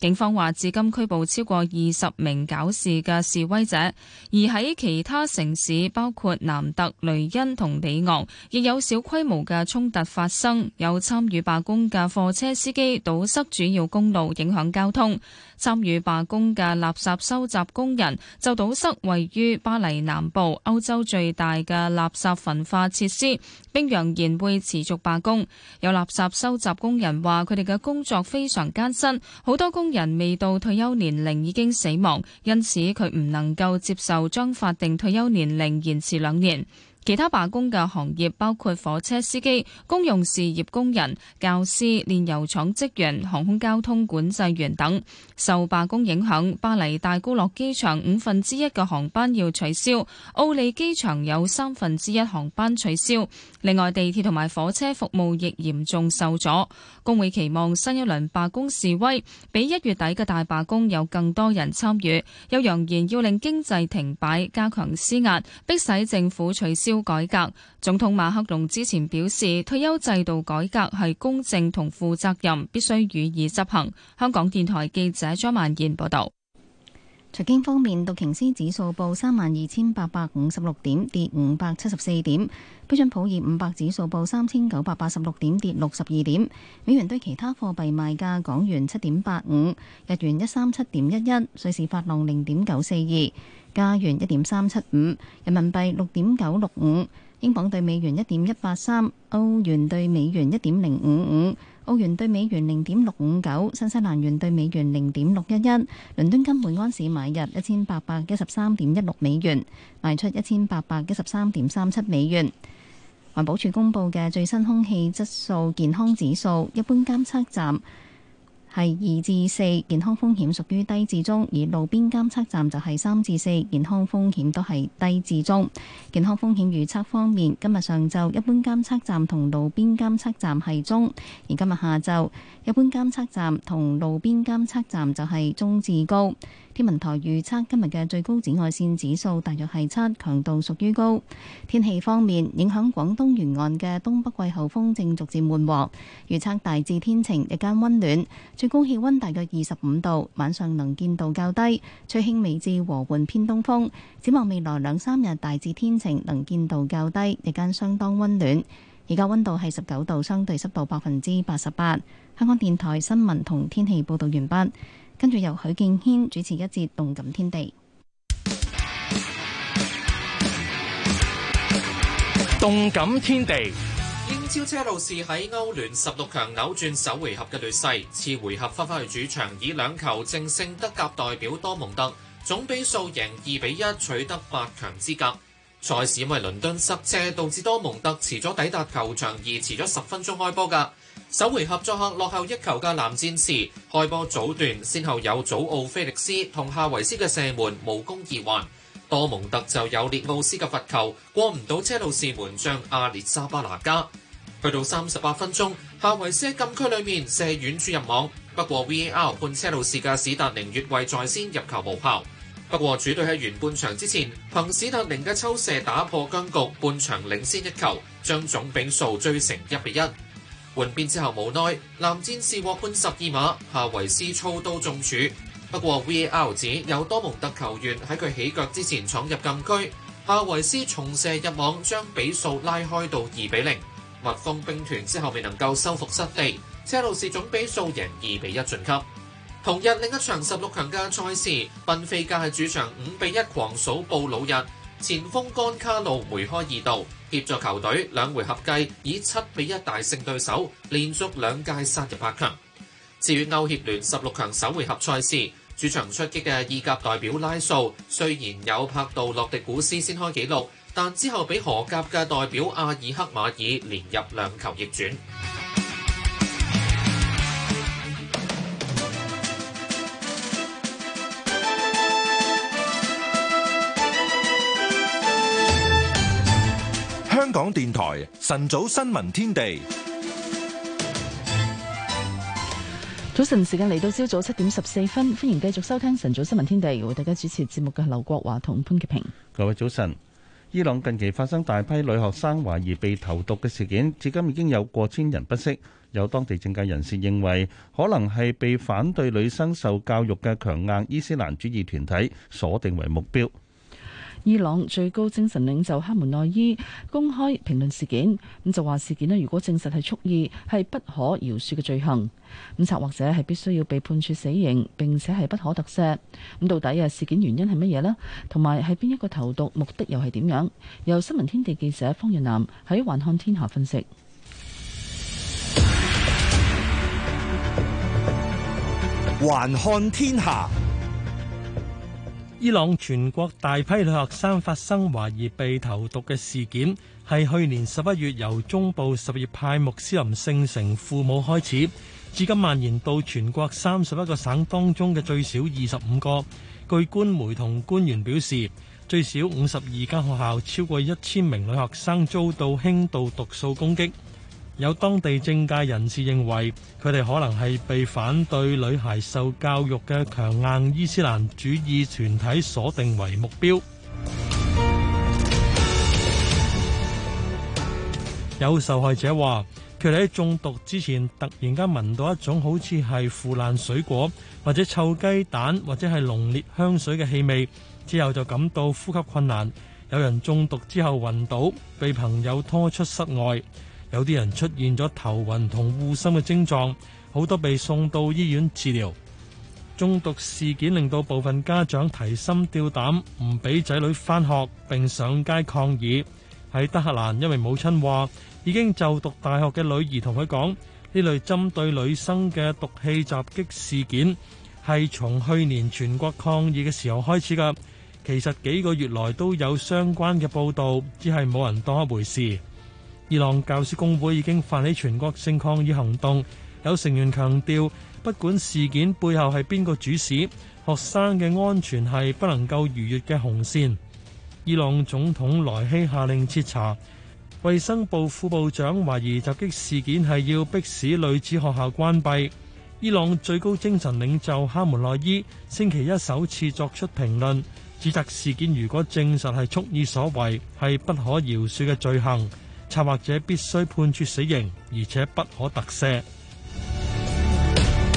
警方話至今拘捕超過二十名搞事嘅示威者，而喺其他城市，包括南特、雷恩同里昂，亦有小規模嘅衝突發生。有參與罷工嘅貨車司機堵塞主要公路，影響交通；參與罷工嘅垃圾收集工人就堵塞位於巴黎南部、歐洲最大嘅垃圾焚化設施，並揚言會持續罷工。有垃圾收集工人話，佢哋嘅工作非常艱辛，好多工人未到退休年齡已經死亡，因此佢唔能夠接受將法定退休年齡延遲兩年。其他罷工嘅行業包括火車司機、公用事業工人、教師、煉油廠職員、航空交通管制員等，受罷工影響，巴黎戴高樂機場五分之一嘅航班要取消，奧利機場有三分之一航班取消。另外，地鐵同埋火車服務亦嚴重受阻。工會期望新一輪罷工示威比一月底嘅大罷工有更多人參與，又揚言要令經濟停擺，加強施壓，迫使政府取消改革。總統馬克龍之前表示，退休制度改革係公正同負責任，必須予以執行。香港電台記者張曼燕報道。財經方面，道瓊斯指數報三萬二千八百五十六點，跌五百七十四點；標準普爾五百指數報三千九百八十六點，跌六十二點。美元兌其他貨幣賣價，港元七點八五，日元一三七點一一，瑞士法郎零點九四二。加元一點三七五，75, 人民幣六點九六五，英鎊對美元一點一八三，歐元對美元一點零五五，澳元對美元零點六五九，新西蘭元對美元零點六一一。倫敦金每安士買入一千八百一十三點一六美元，賣出一千八百一十三點三七美元。環保署公布嘅最新空氣質素健康指數，一般監測站，係二至四，健康風險屬於低至中；而路邊監測站就係三至四，健康風險都係低至中。健康風險預測方面，今日上晝一般監測站同路邊監測站係中；而今日下晝一般監測站同路邊監測站就係中至高。天文台預測今日嘅最高紫外線指數大約係七，強度屬於高。天氣方面，影響廣東沿岸嘅東北季候風正逐漸緩和，預測大致天晴，日間溫暖，最高氣溫大約二十五度，晚上能見度較低，吹輕微至和緩偏東風。展望未來兩三日，大致天晴，能見度較低，日間相當溫暖。而家溫度係十九度，相對濕度百分之八十八。香港電台新聞同天氣報道完畢。跟住由許建軒主持一節動感天地。動感天地，天地英超車路士喺歐聯十六強扭轉首回合嘅劣勢，次回合翻返去主場以兩球正勝德甲代表多蒙特，總比數贏二比一，取得八強資格。賽事因為倫敦塞車，導致多蒙特遲咗抵達球場而遲咗十分鐘開波㗎。首回合作客落後一球嘅藍戰士開波早段先後有祖奧菲力斯同夏維斯嘅射門無功而還，多蒙特就有列奧斯嘅罰球過唔到車路士門將阿列沙巴拿加。去到三十八分鐘，夏維斯喺禁區裏面射遠柱入網，不過 VAR 判車路士嘅史達寧越位在先入球無效。不過主隊喺完半場之前憑史達寧嘅抽射打破僵局，半場領先一球，將總比數追成一比一。換邊之後無奈，藍戰士獲判十二碼，夏維斯操刀中柱。不過 VAR 指有多蒙特球員喺佢起腳之前闖入禁區，夏維斯重射入網，將比數拉開到二比零。蜜蜂兵團之後未能夠收復失地，車路士總比數贏二比一晉級。同日另一場十六強嘅賽事，賓菲加喺主場五比一狂掃布魯日。前鋒干卡路梅開二度，協助球隊兩回合計以七比一大勝對手，連續兩屆殺入八強。至於歐協聯十六強首回合賽事，主場出擊嘅意甲代表拉素，雖然有柏度洛迪古斯先開紀錄，但之後俾荷甲嘅代表阿爾克馬爾連入兩球逆轉。香港電台晨早新聞天地，早晨時間嚟到朝早七點十四分，歡迎繼續收聽晨早新聞天地，為大家主持節目嘅係劉國華同潘潔平。各位早晨！伊朗近期發生大批女學生懷疑被投毒嘅事件，至今已經有過千人不適。有當地政界人士認為，可能係被反對女生受教育嘅強硬伊斯蘭主義團體鎖定為目標。伊朗最高精神領袖哈梅內伊公開評論事件，咁就話事件咧，如果證實係蓄意，係不可饒恕嘅罪行，咁策劃者係必須要被判處死刑，並且係不可特赦。咁到底啊事件原因係乜嘢？呢？同埋係邊一個投毒目的又係點樣？由新聞天地記者方若南喺《環看天下》分析。環看天下。伊朗全國大批女學生發生懷疑被投毒嘅事件，係去年十一月由中部什葉派穆斯林聖城父母開始，至今蔓延到全國三十一個省當中嘅最少二十五個。據官媒同官員表示，最少五十二間學校，超過一千名女學生遭到輕度毒素攻擊。有當地政界人士認為，佢哋可能係被反對女孩受教育嘅強硬伊斯蘭主義團體鎖定為目標。 有受害者話，佢哋喺中毒之前突然間聞到一種好似係腐爛水果，或者臭雞蛋，或者係濃烈香水嘅氣味，之後就感到呼吸困難。有人中毒之後暈倒，被朋友拖出室外。有啲人出現咗頭暈同噁心嘅症狀，好多被送到醫院治療。中毒事件令到部分家長提心吊膽，唔俾仔女返學，並上街抗議。喺德克蘭，一位母親話：已經就讀大學嘅女兒同佢講，呢類針對女生嘅毒氣襲擊事件係從去年全國抗議嘅時候開始㗎。其實幾個月來都有相關嘅報導，只係冇人當一回事。伊朗教師工會已經發起全國性抗議行動，有成員強調不管事件背後係邊個主使，學生嘅安全係不能夠逾越嘅紅線。伊朗總統萊希下令徹查，衛生部副部長懷疑襲擊事件係要迫使女子學校關閉。伊朗最高精神領袖哈梅內伊星期一首次作出評論，指責事件如果證實係蓄意所為，係不可饒恕嘅罪行。策劃者必須判處死刑，而且不可特赦。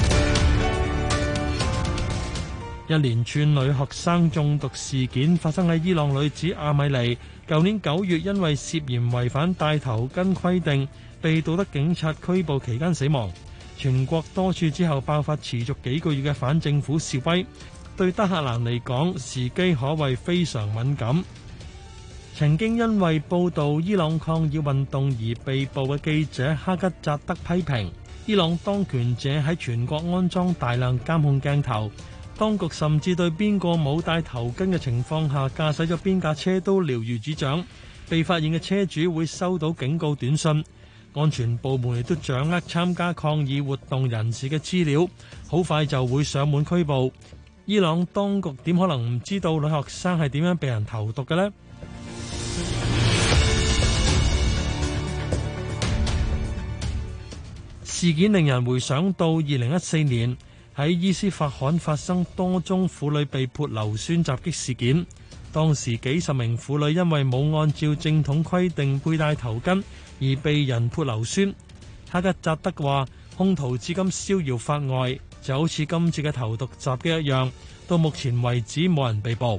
一連串女學生中毒事件發生喺伊朗女子阿米尼，舊年九月因為涉嫌違反帶頭巾規定，被道德警察拘捕期間死亡。全國多處之後爆發持續幾個月嘅反政府示威，對德黑蘭嚟講，時機可謂非常敏感。曾經因為報道伊朗抗議運動而被捕嘅記者哈吉扎德批評：伊朗當權者喺全國安裝大量監控鏡頭，當局甚至對邊個冇戴頭巾嘅情況下駕駛咗邊架車都了如指掌。被發現嘅車主會收到警告短信，安全部門亦都掌握參加抗議活動人士嘅資料，好快就會上門拘捕。伊朗當局點可能唔知道女學生係點樣被人投毒嘅呢？事件令人回想到二零一四年喺伊斯法罕發生多宗婦女被潑硫酸襲擊事件，當時幾十名婦女因為冇按照正統規定佩戴頭巾而被人潑硫酸。哈吉扎德話，凶徒至今逍遙法外，就好似今次嘅投毒襲擊一樣，到目前為止冇人被捕。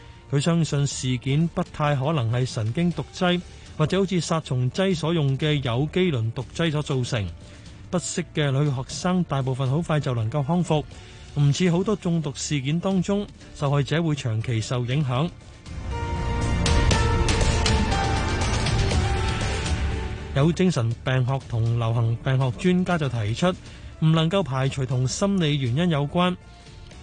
佢相信事件不太可能係神經毒劑或者好似殺蟲劑所用嘅有機磷毒劑所造成。不適嘅女學生大部分好快就能夠康復，唔似好多中毒事件當中受害者會長期受影響。有精神病學同流行病學專家就提出，唔能夠排除同心理原因有關。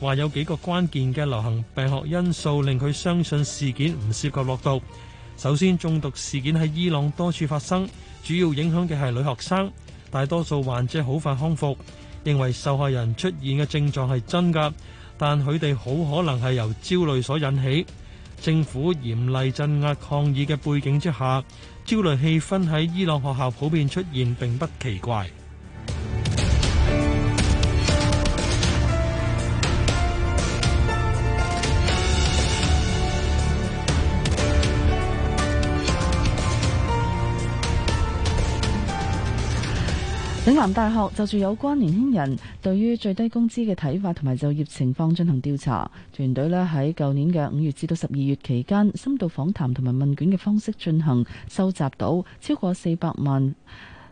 話有幾個關鍵嘅流行病學因素令佢相信事件唔涉及落毒。首先，中毒事件喺伊朗多處發生，主要影響嘅係女學生，大多數患者好快康復。認為受害人出現嘅症狀係真㗎，但佢哋好可能係由焦慮所引起。政府嚴厲鎮壓抗議嘅背景之下，焦慮氣氛喺伊朗學校普遍出現並不奇怪。嶺南大學就住有關年輕人對於最低工資嘅睇法同埋就業情況進行調查，團隊呢，團隊呢喺舊年嘅五月至到十二月期間，深度訪談同埋問卷嘅方式進行，收集到超過四百萬，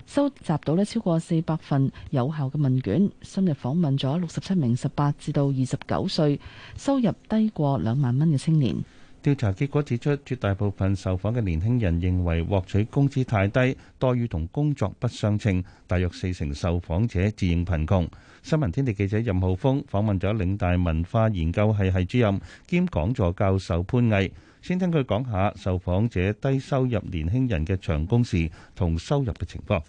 收集到呢超過四百份有效嘅問卷，深入訪問咗六十七名十八至到二十九歲，收入低過兩萬蚊嘅青年。調查結果指出，絕大部分受訪嘅年輕人認為獲取工資太低，待遇同工作不相稱。大約四成受訪者自認貧窮。新聞天地記者任浩峰訪問咗嶺大文化研究系系主任兼講座教授潘毅，先聽佢講下受訪者低收入年輕人嘅長工時同收入嘅情況。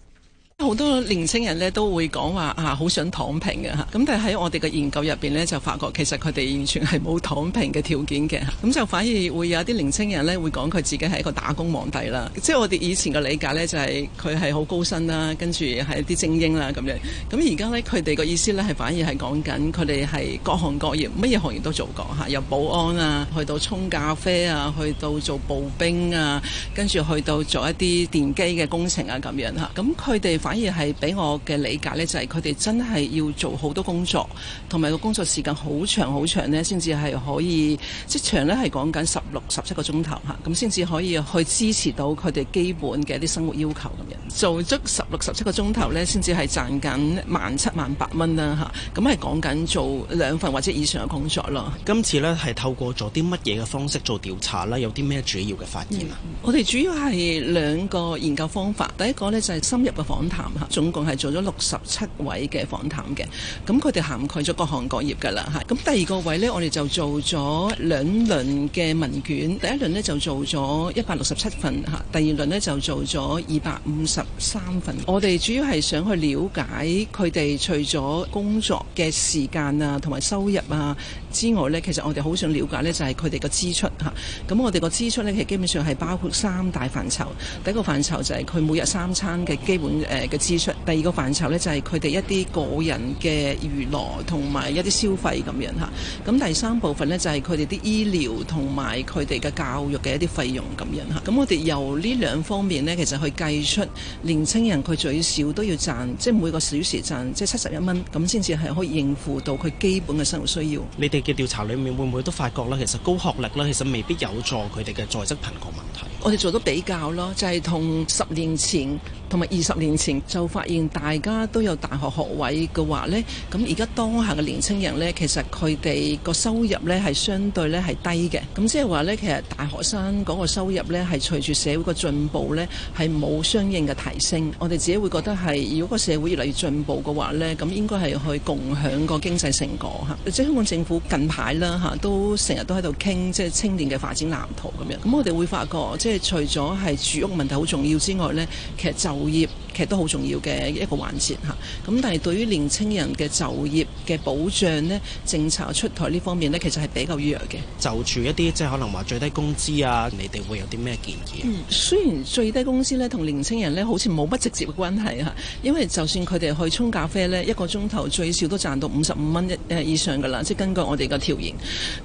好多年青人咧都會講話啊，好想躺平嘅吓，咁但係喺我哋嘅研究入邊咧就發覺，其實佢哋完全係冇躺平嘅條件嘅，咁就反而會有一啲年青人咧會講佢自己係一個打工皇帝啦，即係我哋以前嘅理解咧就係佢係好高薪啦，跟住係一啲精英啦咁樣，咁而家咧佢哋個意思咧係反而係講緊佢哋係各行各業，乜嘢行業都做過吓，由保安啊，去到沖咖啡啊，去到做步兵啊，跟住去到做一啲電機嘅工程啊咁樣吓，咁佢哋。反而係俾我嘅理解呢就係佢哋真係要做好多工作，同埋個工作時間好長好長呢，先至係可以職場呢，係講緊十六十七個鐘頭嚇，咁先至可以去支持到佢哋基本嘅啲生活要求咁樣。做足十六十七個鐘頭呢，先至係賺緊萬七萬八蚊啦嚇。咁係講緊做兩份或者以上嘅工作咯。今次呢係透過做啲乜嘢嘅方式做調查啦？有啲咩主要嘅發現啊？嗯，我哋主要係兩個研究方法，第一個呢就係、是、深入嘅訪談。談總共係做咗六十七位嘅訪談嘅，咁佢哋涵蓋咗各行各業㗎啦，嚇。咁第二個位呢，我哋就做咗兩輪嘅問卷，第一輪呢，就做咗一百六十七份嚇，第二輪呢，就做咗二百五十三份。我哋主要係想去了解佢哋除咗工作嘅時間啊，同埋收入啊之外呢。其實我哋好想了解呢，就係佢哋嘅支出嚇。咁我哋個支出呢，其實基本上係包括三大範疇，第一個範疇就係佢每日三餐嘅基本誒。呃嘅支出，第二個範疇咧就係佢哋一啲個人嘅娛樂同埋一啲消費咁樣吓。咁第三部分咧就係佢哋啲醫療同埋佢哋嘅教育嘅一啲費用咁樣吓。咁我哋由呢兩方面咧，其實去計出年青人佢最少都要賺，即係每個小時賺，即係七十一蚊，咁先至係可以應付到佢基本嘅生活需要。你哋嘅調查裏面會唔會都發覺啦，其實高學歷咧，其實未必有助佢哋嘅在職貧窮問題，我哋做咗比較咯，就係同十年前。同埋二十年前就發現大家都有大學學位嘅話呢。咁而家當下嘅年青人呢，其實佢哋個收入呢係相對呢係低嘅。咁即係話呢，其實大學生嗰個收入呢係隨住社會嘅進步呢係冇相應嘅提升。我哋自己會覺得係，如果個社會越嚟越進步嘅話呢，咁應該係去共享個經濟成果嚇，啊。即係香港政府近排啦嚇，都成日都喺度傾即係青年嘅發展藍圖咁樣。咁我哋會發覺即係除咗係住屋問題好重要之外呢，其實就物業。其實都好重要嘅一個環節嚇，咁但係對於年青人嘅就業嘅保障咧，政策出台呢方面咧，其實係比較弱嘅。就住一啲即係可能話最低工資啊，你哋會有啲咩建議啊？嗯，雖然最低工資呢同年青人呢好似冇乜直接嘅關係啊，因為就算佢哋去沖咖啡呢，一個鐘頭最少都賺到五十五蚊一以上㗎啦，即係根據我哋嘅調研。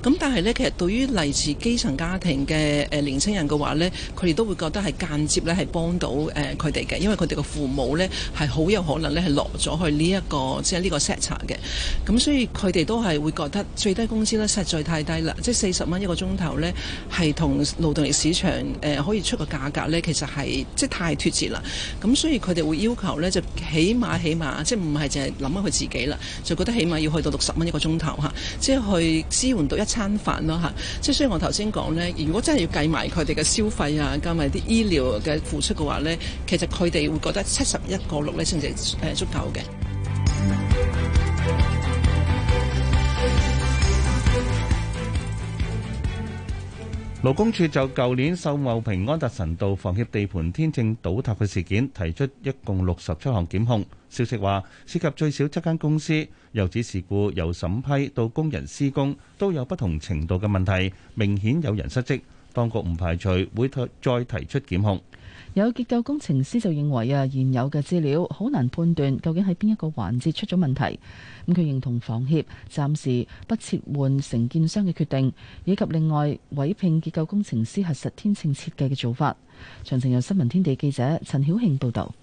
咁但係呢，其實對於嚟自基層家庭嘅誒年青人嘅話呢，佢哋都會覺得係間接呢係幫到誒佢哋嘅，因為佢哋嘅父父母咧係好有可能咧係落咗去呢、這、一個即係呢個 set 差嘅，咁所以佢哋都係會覺得最低工資咧實在太低啦，即係四十蚊一個鐘頭咧係同勞動力市場誒可以出個價格咧其實係即係太脫節啦。咁所以佢哋會要求咧就起碼起碼即係唔係淨係諗翻佢自己啦，就覺得起碼要去到六十蚊一個鐘頭嚇，即、啊、係、就是、去支援到一餐飯咯嚇。即、啊、係所以我頭先講咧，如果真係要計埋佢哋嘅消費啊，計埋啲醫療嘅付出嘅話咧，其實佢哋會覺得，七十一個六咧，甚至誒足夠嘅。勞工處就舊年秀茂坪安達臣道房協地盤天秤倒塌嘅事件，提出一共六十七項檢控。消息話涉及最少七間公司，又指事故由審批到工人施工都有不同程度嘅問題，明顯有人失職。當局唔排除會再再提出檢控。有結構工程師就認為啊，現有嘅資料好難判斷究竟喺邊一個環節出咗問題。咁佢認同房協暫時不撤換承建商嘅決定，以及另外委聘結構工程師核實天秤設計嘅做法。詳情由新聞天地記者陳曉慶報導。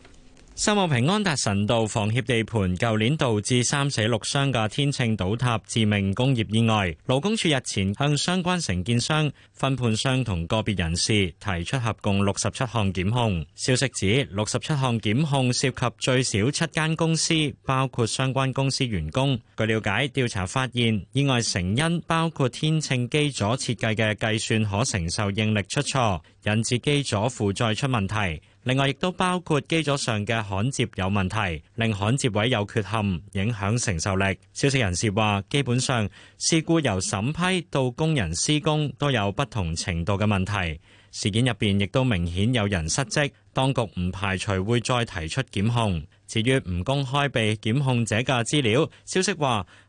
秀茂坪安達臣道房協地盤舊年導致三死六傷嘅天秤倒塌致命工業意外，勞工處日前向相關承建商、分判商同個別人士提出合共六十七項檢控。消息指，六十七項檢控涉及最少七間公司，包括相關公司員工。據了解，調查發現意外成因包括天秤基座設計嘅計算可承受應力出錯，引致基座負載出問題。另外，亦都包括基礎上嘅焊接有問題，令焊接位有缺陷，影響承受力。消息人士話，基本上事故由審批到工人施工都有不同程度嘅問題，事件入邊亦都明顯有人失職，當局唔排除會再提出檢控。至於唔公開被檢控者嘅資料，消息話。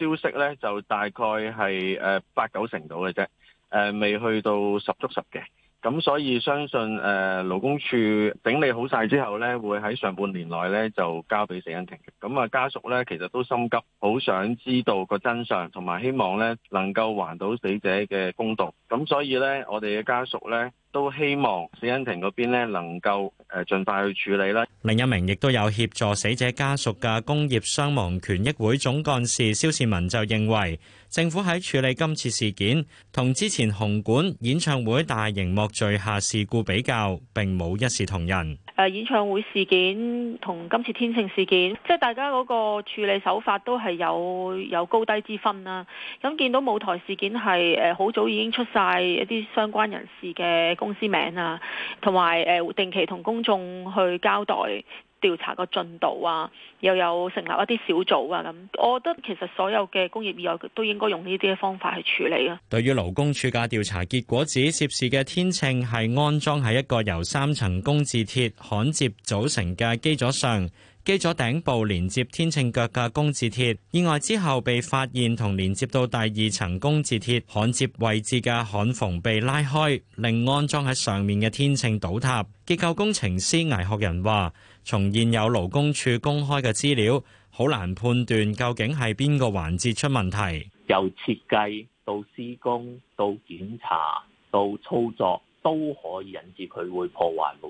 消息咧就大概係誒、呃、八九成度嘅啫，誒、呃、未去到十足十嘅。咁所以相信誒勞、呃、工處整理好晒之後咧，會喺上半年內咧就交俾死因庭。咁啊家屬咧其實都心急，好想知道個真相，同埋希望咧能夠還到死者嘅公道。咁所以咧，我哋嘅家屬咧。都希望死因庭嗰邊咧能夠誒盡快去處理啦。另一名亦都有協助死者家屬嘅工業傷亡權益會總幹事蕭志文就認為政府喺處理今次事件同之前紅館演唱會大型幕墜下事故比較並冇一視同仁。演唱會事件同今次天性事件，即係大家嗰個處理手法都係有有高低之分啦，啊。咁見到舞台事件係誒好早已經出晒一啲相關人士嘅公司名啊，同埋誒定期同公眾去交代。調查個進度啊，又有成立一啲小組啊。咁，我覺得其實所有嘅工業意外都應該用呢啲方法去處理啊。對於勞工處嘅調查結果指涉事嘅天秤係安裝喺一個由三層工字鐵焊接組成嘅基座上，基座頂部連接天秤腳嘅工字鐵，意外之後，被發現同連接到第二層工字鐵焊接位置嘅焊縫被拉開，令安裝喺上面嘅天秤倒塌。結構工程師倪學仁話。從現有勞工處公開嘅資料，好難判斷究竟係邊個環節出問題。由設計到施工到檢查到操作，都可以引致佢會破壞嘅。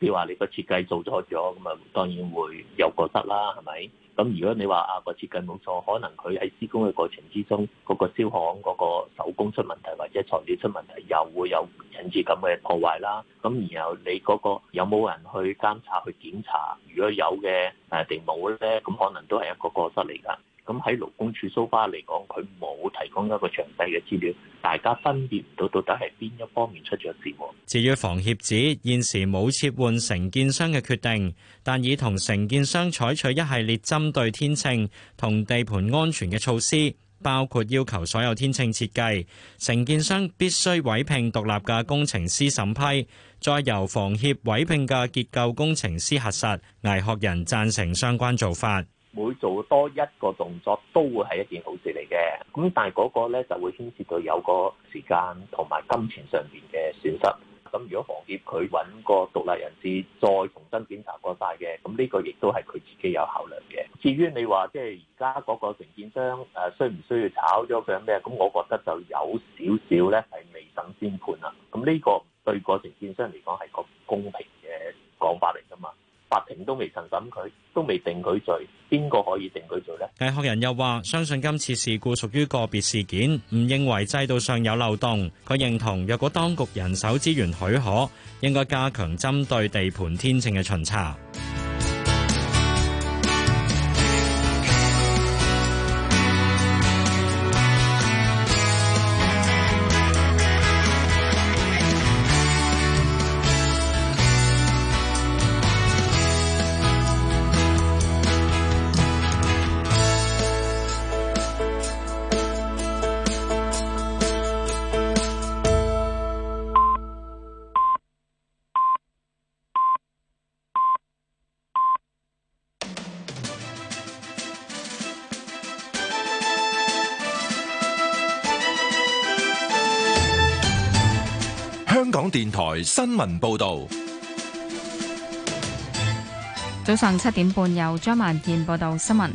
譬如話你個設計做錯咗，咁啊當然會有個失啦，係咪？咁如果你話啊個設計冇錯，可能佢喺施工嘅過程之中，嗰個燒行嗰個手工出問題，或者材料出問題，又會有引致咁嘅破壞啦。咁然後你嗰個有冇人去監察去檢查？如果有嘅誒定冇咧，咁可能都係一個過失嚟噶。咁喺勞工處蘇巴嚟講，佢冇提供一個詳細嘅資料，大家分辨唔到到底係邊一方面出咗事喎。至於房協指現時冇撤換承建商嘅決定，但已同承建商採取一系列針對天秤同地盤安全嘅措施，包括要求所有天秤設計承建商必須委聘獨立嘅工程師審批，再由房協委聘嘅結構工程師核實，艾學仁贊成相關做法。每做多一個動作，都會係一件好事嚟嘅。咁但係嗰個咧就會牽涉到有個時間同埋金錢上邊嘅損失。咁如果房協佢揾個獨立人士再重新檢查過曬嘅，咁呢個亦都係佢自己有考量嘅。至於你話即係而家嗰個承建商誒需唔需要炒咗佢咩？咁我覺得就有少少咧係未審先判啦。咁呢個對個承建商嚟講係個公平嘅講法嚟。法庭都未曾審佢，都未定佢罪，邊個可以定佢罪呢？艾學人又話：相信今次事故屬於個別事件，唔認為制度上有漏洞。佢認同若果當局人手資源許可，應該加強針對地盤天秤嘅巡查。新聞報道，早上七點半有張萬健報道新聞。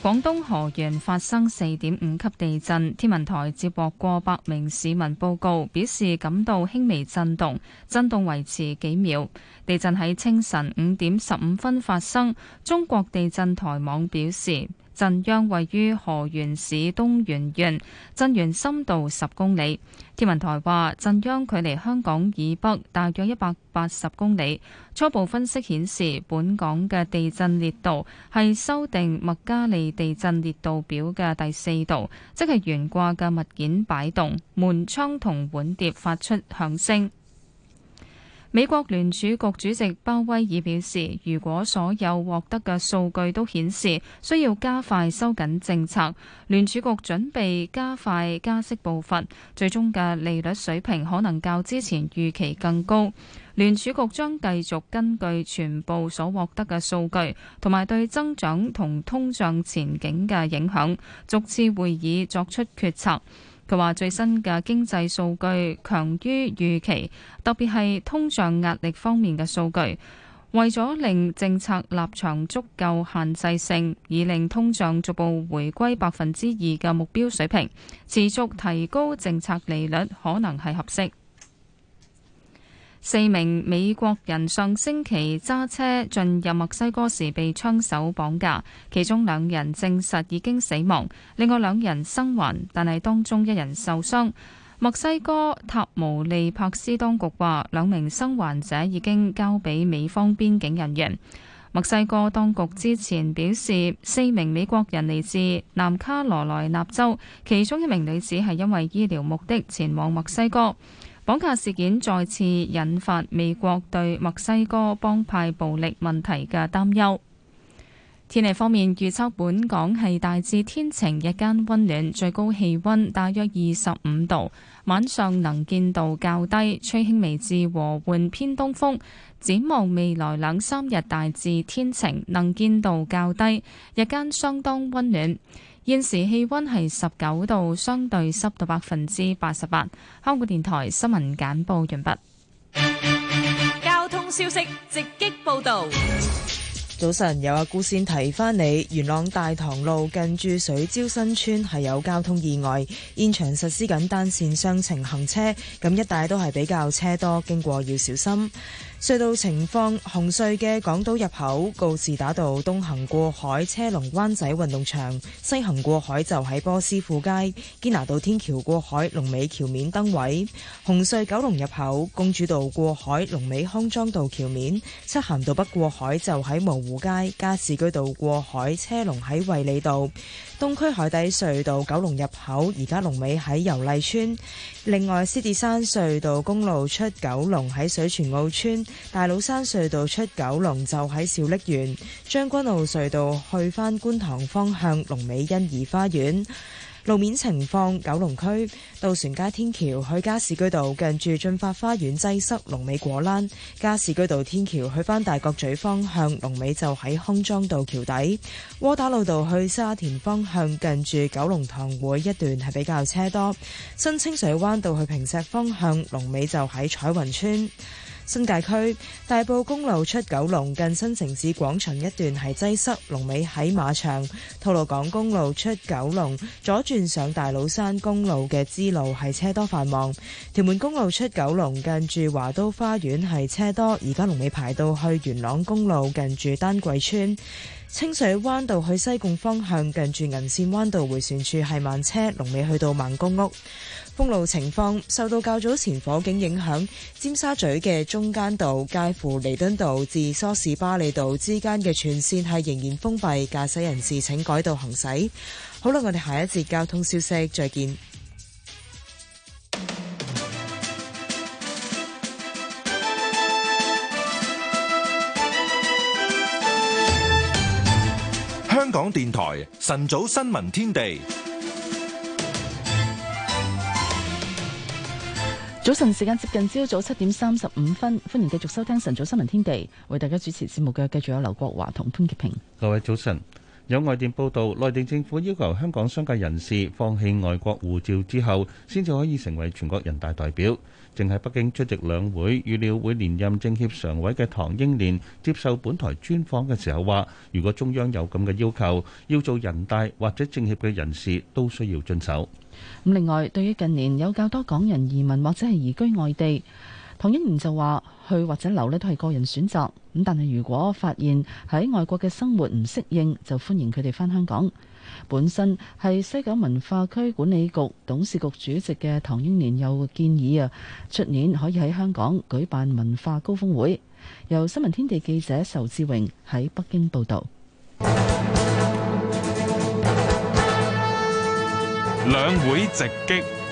廣東河源發生四點五級地震，天文台接獲過百名市民報告，表示感到輕微震動，震動維持幾秒。地震喺清晨五點十五分發生。中國地震台網表示。震央位於河源市東源縣，震源深度十公里。天文台話，震央距離香港以北大約一百八十公里。初步分析顯示，本港嘅地震烈度係修訂麥加利地震烈度表嘅第四度，即係懸掛嘅物件擺動、門窗同碗碟發出響聲。美國聯儲局主席鮑威爾表示，如果所有獲得嘅數據都顯示需要加快收緊政策，聯儲局準備加快加息步伐，最終嘅利率水平可能較之前預期更高。聯儲局將繼續根據全部所獲得嘅數據，同埋對增長同通脹前景嘅影響，逐次會議作出決策。佢話最新嘅經濟數據強於預期，特別係通脹壓力方面嘅數據。為咗令政策立場足夠限制性，以令通脹逐步回歸百分之二嘅目標水平，持續提高政策利率可能係合適。四名美國人上星期揸車進入墨西哥時被槍手綁架，其中兩人證實已經死亡，另外兩人生還，但係當中一人受傷。墨西哥塔姆利帕斯當局話，兩名生還者已經交俾美方邊境人員。墨西哥當局之前表示，四名美國人嚟自南卡羅來納州，其中一名女子係因為醫療目的前往墨西哥。綁架事件再次引發美國對墨西哥幫派暴力問題嘅擔憂。天氣方面，預測本港係大致天晴，日間温暖，最高氣温大約二十五度，晚上能見度較低，吹輕微至和緩偏東風。展望未來兩三日，大致天晴，能見度較低，日間相當温暖。現時氣溫係十九度，相對濕度百分之八十八。香港電台新聞簡報完畢。交通消息直擊報道。早晨，有阿姑先提返你，元朗大棠路近住水蕉新村係有交通意外，現場實施緊單線雙程行車，咁一帶都係比較車多，經過要小心。隧道情況：紅隧嘅港島入口告士打道東行過海車龍，灣仔運動場西行過海就喺波斯富街堅拿道天橋過海龍尾橋面燈位。紅隧九龍入口公主道過海龍尾康莊道橋面。漆咸道北過海就喺蕪湖街加士居道過海車龍喺衛理道。東區海底隧道九龍入口，而家龍尾喺油麗邨，另外獅子山隧道公路出九龍喺水泉澳村，大老山隧道出九龍就喺兆瀝苑，將軍澳隧道去返觀塘方向龍尾欣怡花園。路面情況：九龍區渡船街天橋去加士居道近住進發花園擠塞，龍尾果欄；加士居道天橋去返大角咀方向，龍尾就喺康莊道橋底；窩打老道去沙田方向近住九龍塘會一段係比較車多；新清水灣道去坪石方向，龍尾就喺彩雲村。新界區大埔公路出九龍近新城市廣場一段係擠塞，龍尾喺馬場；吐露港公路出九龍左轉上大老山公路嘅支路係車多繁忙；屯門公路出九龍近住華都花園係車多，而家龍尾排到去元朗公路近住丹桂村；清水灣道去西貢方向近住銀線灣道回旋處係慢車，龍尾去到孟公屋。封路情況受到較早前火警影響，尖沙咀嘅中間道介乎彌敦道至梳士巴利道之間嘅全綫係仍然封閉，駕駛人士請改道行駛。好啦，我哋下一節交通消息再見。香港電台晨早新聞天地。早晨時間接近朝早七點三十五分，歡迎繼續收聽晨早新聞天地，為大家主持節目嘅繼續有劉國華同潘潔平。各位早晨。有外電報道，內地政府要求香港商界人士放棄外國護照之後，先至可以成為全國人大代表。正喺北京出席兩會，預料會連任政協常委嘅唐英年接受本台專訪嘅時候話，如果中央有咁嘅要求，要做人大或者政協嘅人士都需要遵守。另外，對於近年有較多港人移民或者係移居外地。唐英年就話：去或者留咧都係個人選擇，咁但係如果發現喺外國嘅生活唔適應，就歡迎佢哋返香港。本身係西九文化區管理局董事局主席嘅唐英年又建議啊，出年可以喺香港舉辦文化高峰會。由新聞天地記者仇志榮喺北京報導。兩會直擊。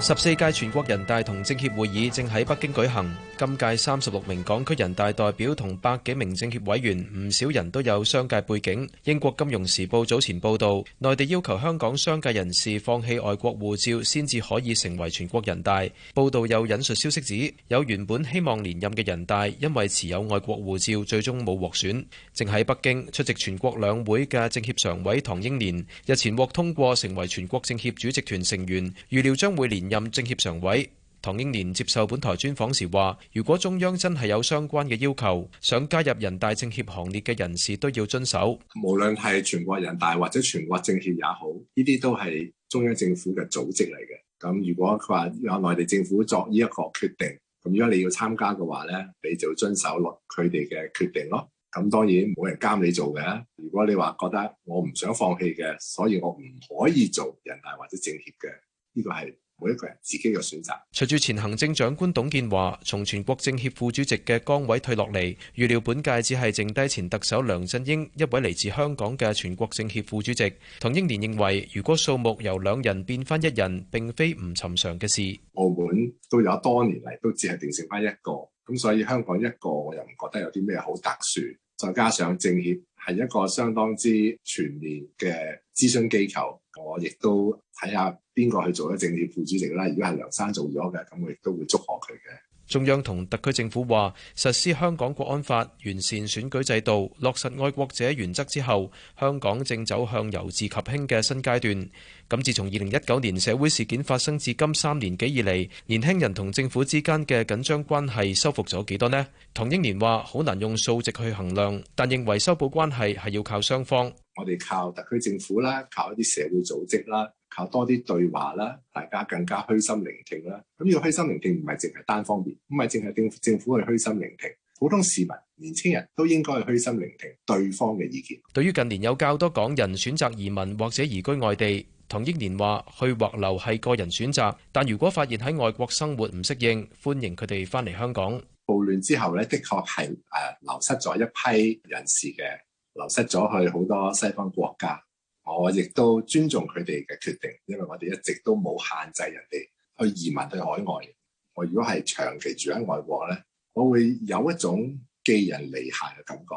十四屆全國人大同政協會議正喺北京舉行。今屆三十六名港區人大代表同百幾名政協委員，唔少人都有商界背景。英國金融時報早前報道，內地要求香港商界人士放棄外國護照先至可以成為全國人大。報道有引述消息指，有原本希望連任嘅人大，因為持有外國護照，最終冇獲選。正喺北京出席全國兩會嘅政協常委唐英年，日前獲通過成為全國政協主席團成員，預料將會連任政協常委。唐英年接受本台專訪時話，如果中央真係有相關嘅要求，想加入人大政協行列嘅人士都要遵守。無論係全國人大或者全國政協也好，呢啲都係中央政府嘅組織嚟嘅。咁如果佢話有內地政府作呢一個決定，咁如果你要參加嘅話咧，你就遵守落佢哋嘅決定咯。咁當然冇人監你做嘅。如果你話覺得我唔想放棄嘅，所以我唔可以做人大或者政協嘅，呢個係。每一個人自己嘅選擇。隨住前行政長官董建華從全國政協副主席嘅崗位退落嚟，預料本屆只係剩低前特首梁振英一位嚟自香港嘅全國政協副主席。唐英年認為，如果數目由兩人變翻一人，並非唔尋常嘅事。澳門都有多年嚟都只係定剩翻一個，咁所以香港一個，我又唔覺得有啲咩好特殊。再加上政協係一個相當之全面嘅諮詢機構，我亦都睇下。邊個去做咧？政協副主席啦，如果係梁生做咗嘅，咁我亦都會祝賀佢嘅。中央同特區政府話，實施香港國安法、完善選舉制度、落實愛國者原則之後，香港正走向由治及興嘅新階段。咁自從二零一九年社會事件發生至今三年幾以嚟，年輕人同政府之間嘅緊張關係修復咗幾多呢？唐英年話：好難用數值去衡量，但認為修補關係係要靠雙方。我哋靠特區政府啦，靠一啲社會組織啦。靠多啲對話啦，大家更加虛心聆聽啦。咁要虛心聆聽，唔係淨係單方面，唔係淨係政政府去虛心聆聽，普通市民、年輕人都應該係虛心聆聽對方嘅意見。對於近年有較多港人選擇移民或者移居外地，唐英年話：去或留係個人選擇，但如果發現喺外國生活唔適應，歡迎佢哋翻嚟香港。暴亂之後呢，的確係誒流失咗一批人士嘅，流失咗去好多西方國家。我亦都尊重佢哋嘅決定，因為我哋一直都冇限制人哋去移民去海外。我如果係長期住喺外國呢，我會有一種寄人籬下嘅感覺。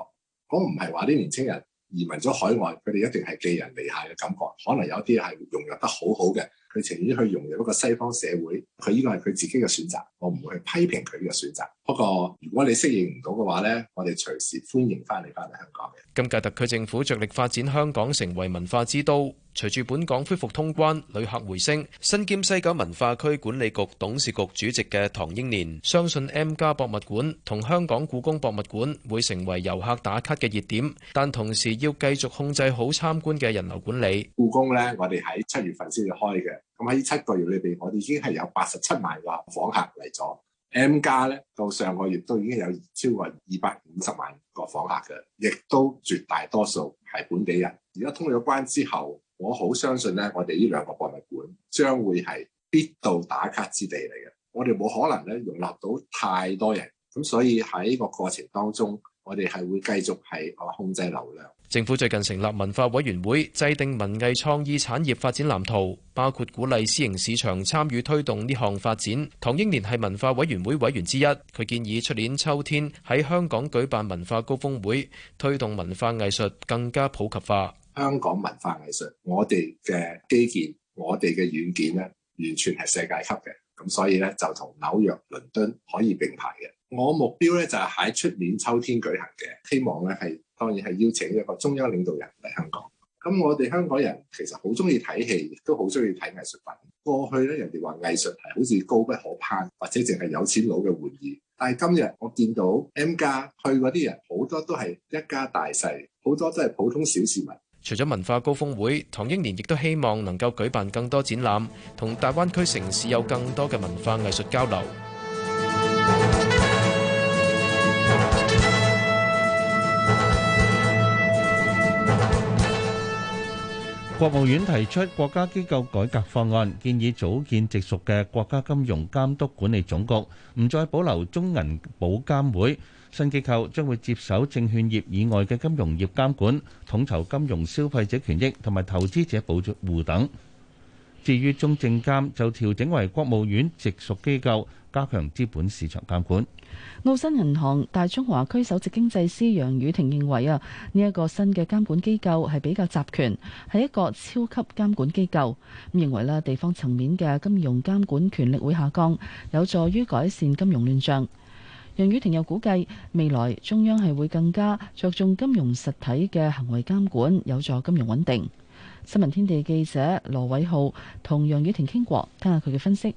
我唔係話啲年青人移民咗海外，佢哋一定係寄人籬下嘅感覺。可能有啲係融入得好好嘅，佢情願去融入一個西方社會。佢依個係佢自己嘅選擇，我唔會去批評佢嘅選擇。不過，如果你適應唔到嘅話呢，我哋隨時歡迎翻嚟翻嚟香港。今屆特區政府着力發展香港成為文化之都，隨住本港恢復通關，旅客回升。身兼西九文化區管理局董事局主席嘅唐英年，相信 M+ 博物館同香港故宮博物館會成為遊客打卡嘅熱點，但同時要繼續控制好參觀嘅人流管理。故宮呢，我哋喺七月份先至開嘅，咁喺七個月裏邊，我哋已經係有八十七萬個訪客嚟咗。M +咧到上個月都已經有超過二百五十萬個訪客嘅，亦都絕大多數係本地人。而家通咗關之後，我好相信咧，我哋呢兩個博物館將會係必到打卡之地嚟嘅。我哋冇可能咧容納到太多人，咁所以喺呢個過程當中，我哋係會繼續係我控制流量。政府最近成立文化委員會，制定文藝創意產業發展藍圖，包括鼓勵私營市場參與推動呢項發展。唐英年係文化委員會委員之一，佢建議出年秋天喺香港舉辦文化高峰會，推動文化藝術更加普及化。香港文化藝術，我哋嘅基建、我哋嘅軟件咧，完全係世界級嘅，咁所以咧就同紐約、倫敦可以並排嘅。我目標咧就係喺出年秋天舉行嘅，希望咧係。當然係邀請一個中央領導人嚟香港。咁我哋香港人其實好中意睇戲，亦都好中意睇藝術品。過去咧，人哋話藝術係好似高不可攀，或者淨係有錢佬嘅玩意。但係今日我見到 M 家去嗰啲人，好多都係一家大細，好多都係普通小市民。除咗文化高峰會，唐英年亦都希望能夠舉辦更多展覽，同大灣區城市有更多嘅文化藝術交流。國務院提出國家機構改革方案，建議組建直屬嘅國家金融監督管理總局，唔再保留中銀保監會，新機構將會接手證券業以外嘅金融業監管，統籌金融消費者權益同埋投資者保護等。至於中證監就調整為國務院直屬機構，加強資本市場監管。澳新銀行大中華區首席經濟師楊雨婷認為啊，呢一個新嘅監管機構係比較集權，係一個超級監管機構。咁認為啦，地方層面嘅金融監管權力會下降，有助於改善金融亂象。楊雨婷又估計未來中央係會更加着重金融實體嘅行為監管，有助金融穩定。新聞天地記者羅偉浩同楊雨婷傾過，聽下佢嘅分析。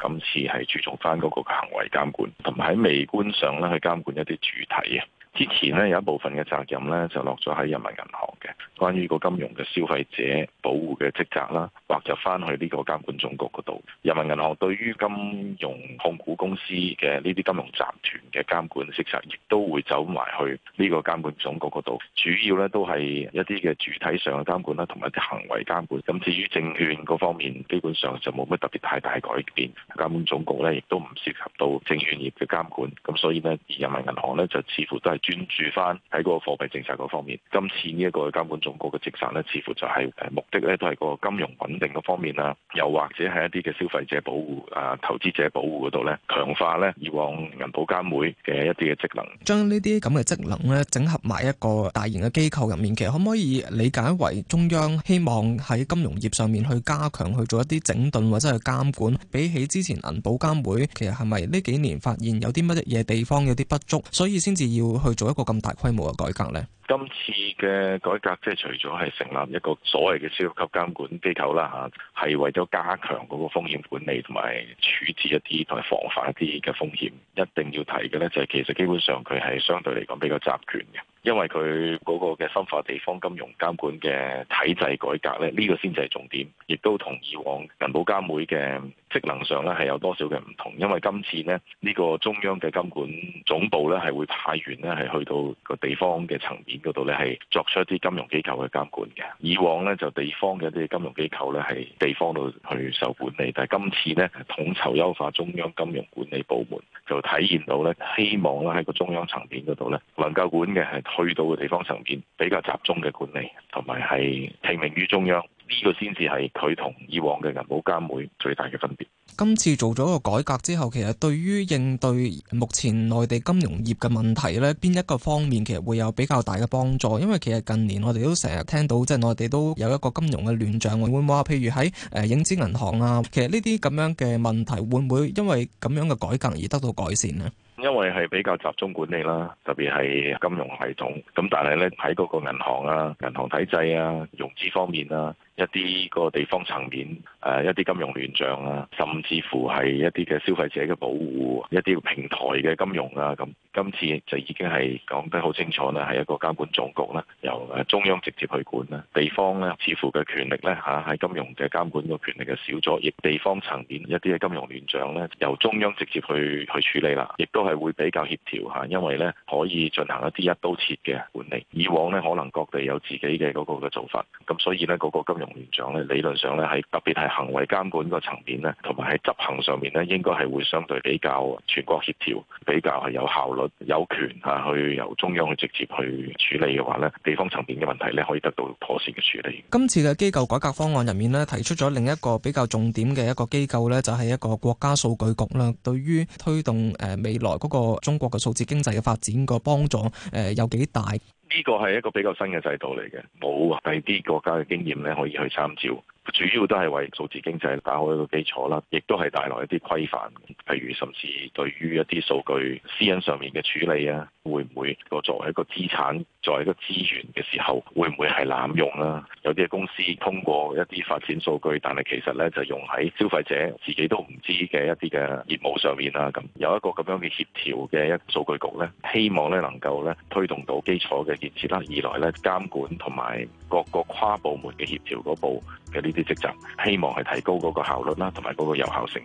今次係注重翻嗰個行為監管，同埋喺微觀上咧去監管一啲主體啊。之前咧有一部分嘅責任咧就落咗喺人民銀行嘅，關於個金融嘅消費者保護嘅職責啦，或者翻去呢個監管總局嗰度。人民銀行對於金融控股公司嘅呢啲金融集團嘅監管職責亦都會走埋去呢個監管總局嗰度。主要咧都係一啲嘅主體上嘅監管啦，同埋啲行為監管。咁至於證券嗰方面，基本上就冇乜特別太大，大改變，監管總局咧亦都唔涉及到證券業嘅監管，咁所以咧人民銀行咧就似乎都係。專注翻喺嗰個貨幣政策嗰方面，今次呢一個監管總局嘅設立呢，似乎就係誒目的呢，都係個金融穩定嗰方面啦，又或者係一啲嘅消費者保護啊、投資者保護嗰度呢，強化呢以往銀保監會嘅一啲嘅職能，將呢啲咁嘅職能呢整合埋一個大型嘅機構入面，其實可唔可以理解為中央希望喺金融業上面去加強去做一啲整頓或者係監管？比起之前銀保監會，其實係咪呢幾年發現有啲乜嘢地方有啲不足，所以先至要去？去做一個咁大規模嘅改革呢？今次嘅改革即係除咗係成立一個所謂嘅超級監管機構啦嚇，係、啊、為咗加強嗰個風險管理同埋處置一啲同埋防範一啲嘅風險，一定要提嘅呢，就係、是、其實基本上佢係相對嚟講比較集權嘅，因為佢嗰個嘅深化地方金融監管嘅體制改革呢，呢、這個先至係重點，亦都同以往銀保監會嘅。職能上咧係有多少嘅唔同？因為今次咧呢、這個中央嘅監管總部咧係會派員咧係去到個地方嘅層面嗰度咧係作出一啲金融機構嘅監管嘅。以往咧就地方嘅一啲金融機構咧係地方度去受管理，但係今次咧統籌優化中央金融管理部門，就體現到咧希望咧喺個中央層面嗰度咧能夠管嘅係去到嘅地方層面比較集中嘅管理，同埋係聽命於中央。呢個先至係佢同以往嘅銀保監會最大嘅分別。今次做咗個改革之後，其實對於應對目前內地金融業嘅問題咧，邊一個方面其實會有比較大嘅幫助？因為其實近年我哋都成日聽到，即係內地都有一個金融嘅亂象，會唔會話譬如喺誒影子銀行啊，其實呢啲咁樣嘅問題會唔會因為咁樣嘅改革而得到改善咧？因為係比較集中管理啦，特別係金融系統，咁但係咧喺嗰個銀行啊、銀行體制啊、融資方面啊。一啲個地方層面，誒一啲金融亂象啊，甚至乎係一啲嘅消費者嘅保護，一啲平台嘅金融啊，咁今次就已經係講得好清楚啦，係一個監管總局啦，由誒中央直接去管啦，地方咧似乎嘅權力咧嚇喺金融嘅監管個權力嘅少咗，亦地方層面一啲嘅金融亂象咧，由中央直接去去處理啦，亦都係會比較協調嚇，因為咧可以進行一啲一刀切嘅管理，以往咧可能各地有自己嘅嗰個嘅做法，咁所以咧嗰個金融。局長咧，理論上咧，係特別係行為監管個層面咧，同埋喺執行上面咧，應該係會相對比較全國協調，比較係有效率，有權吓去由中央去直接去處理嘅話咧，地方層面嘅問題咧，可以得到妥善嘅處理。今次嘅機構改革方案入面咧，提出咗另一個比較重點嘅一個機構咧，就係一個國家數據局啦。對於推動誒未來嗰個中國嘅數字經濟嘅發展個幫助誒，有幾大？呢個係一個比較新嘅制度嚟嘅，冇第啲國家嘅經驗咧可以去參照，主要都係為數字經濟打開一個基礎啦，亦都係帶來一啲規範，譬如甚至對於一啲數據私隱上面嘅處理啊。會唔會個作為一個資產，作為一個資源嘅時候，會唔會係濫用啦？有啲公司通過一啲發展數據，但係其實咧就用喺消費者自己都唔知嘅一啲嘅業務上面啦。咁有一個咁樣嘅協調嘅一個數據局咧，希望咧能夠咧推動到基礎嘅建設啦。二來咧監管同埋各個跨部門嘅協調嗰部嘅呢啲職責，希望係提高嗰個效率啦，同埋嗰個有效性。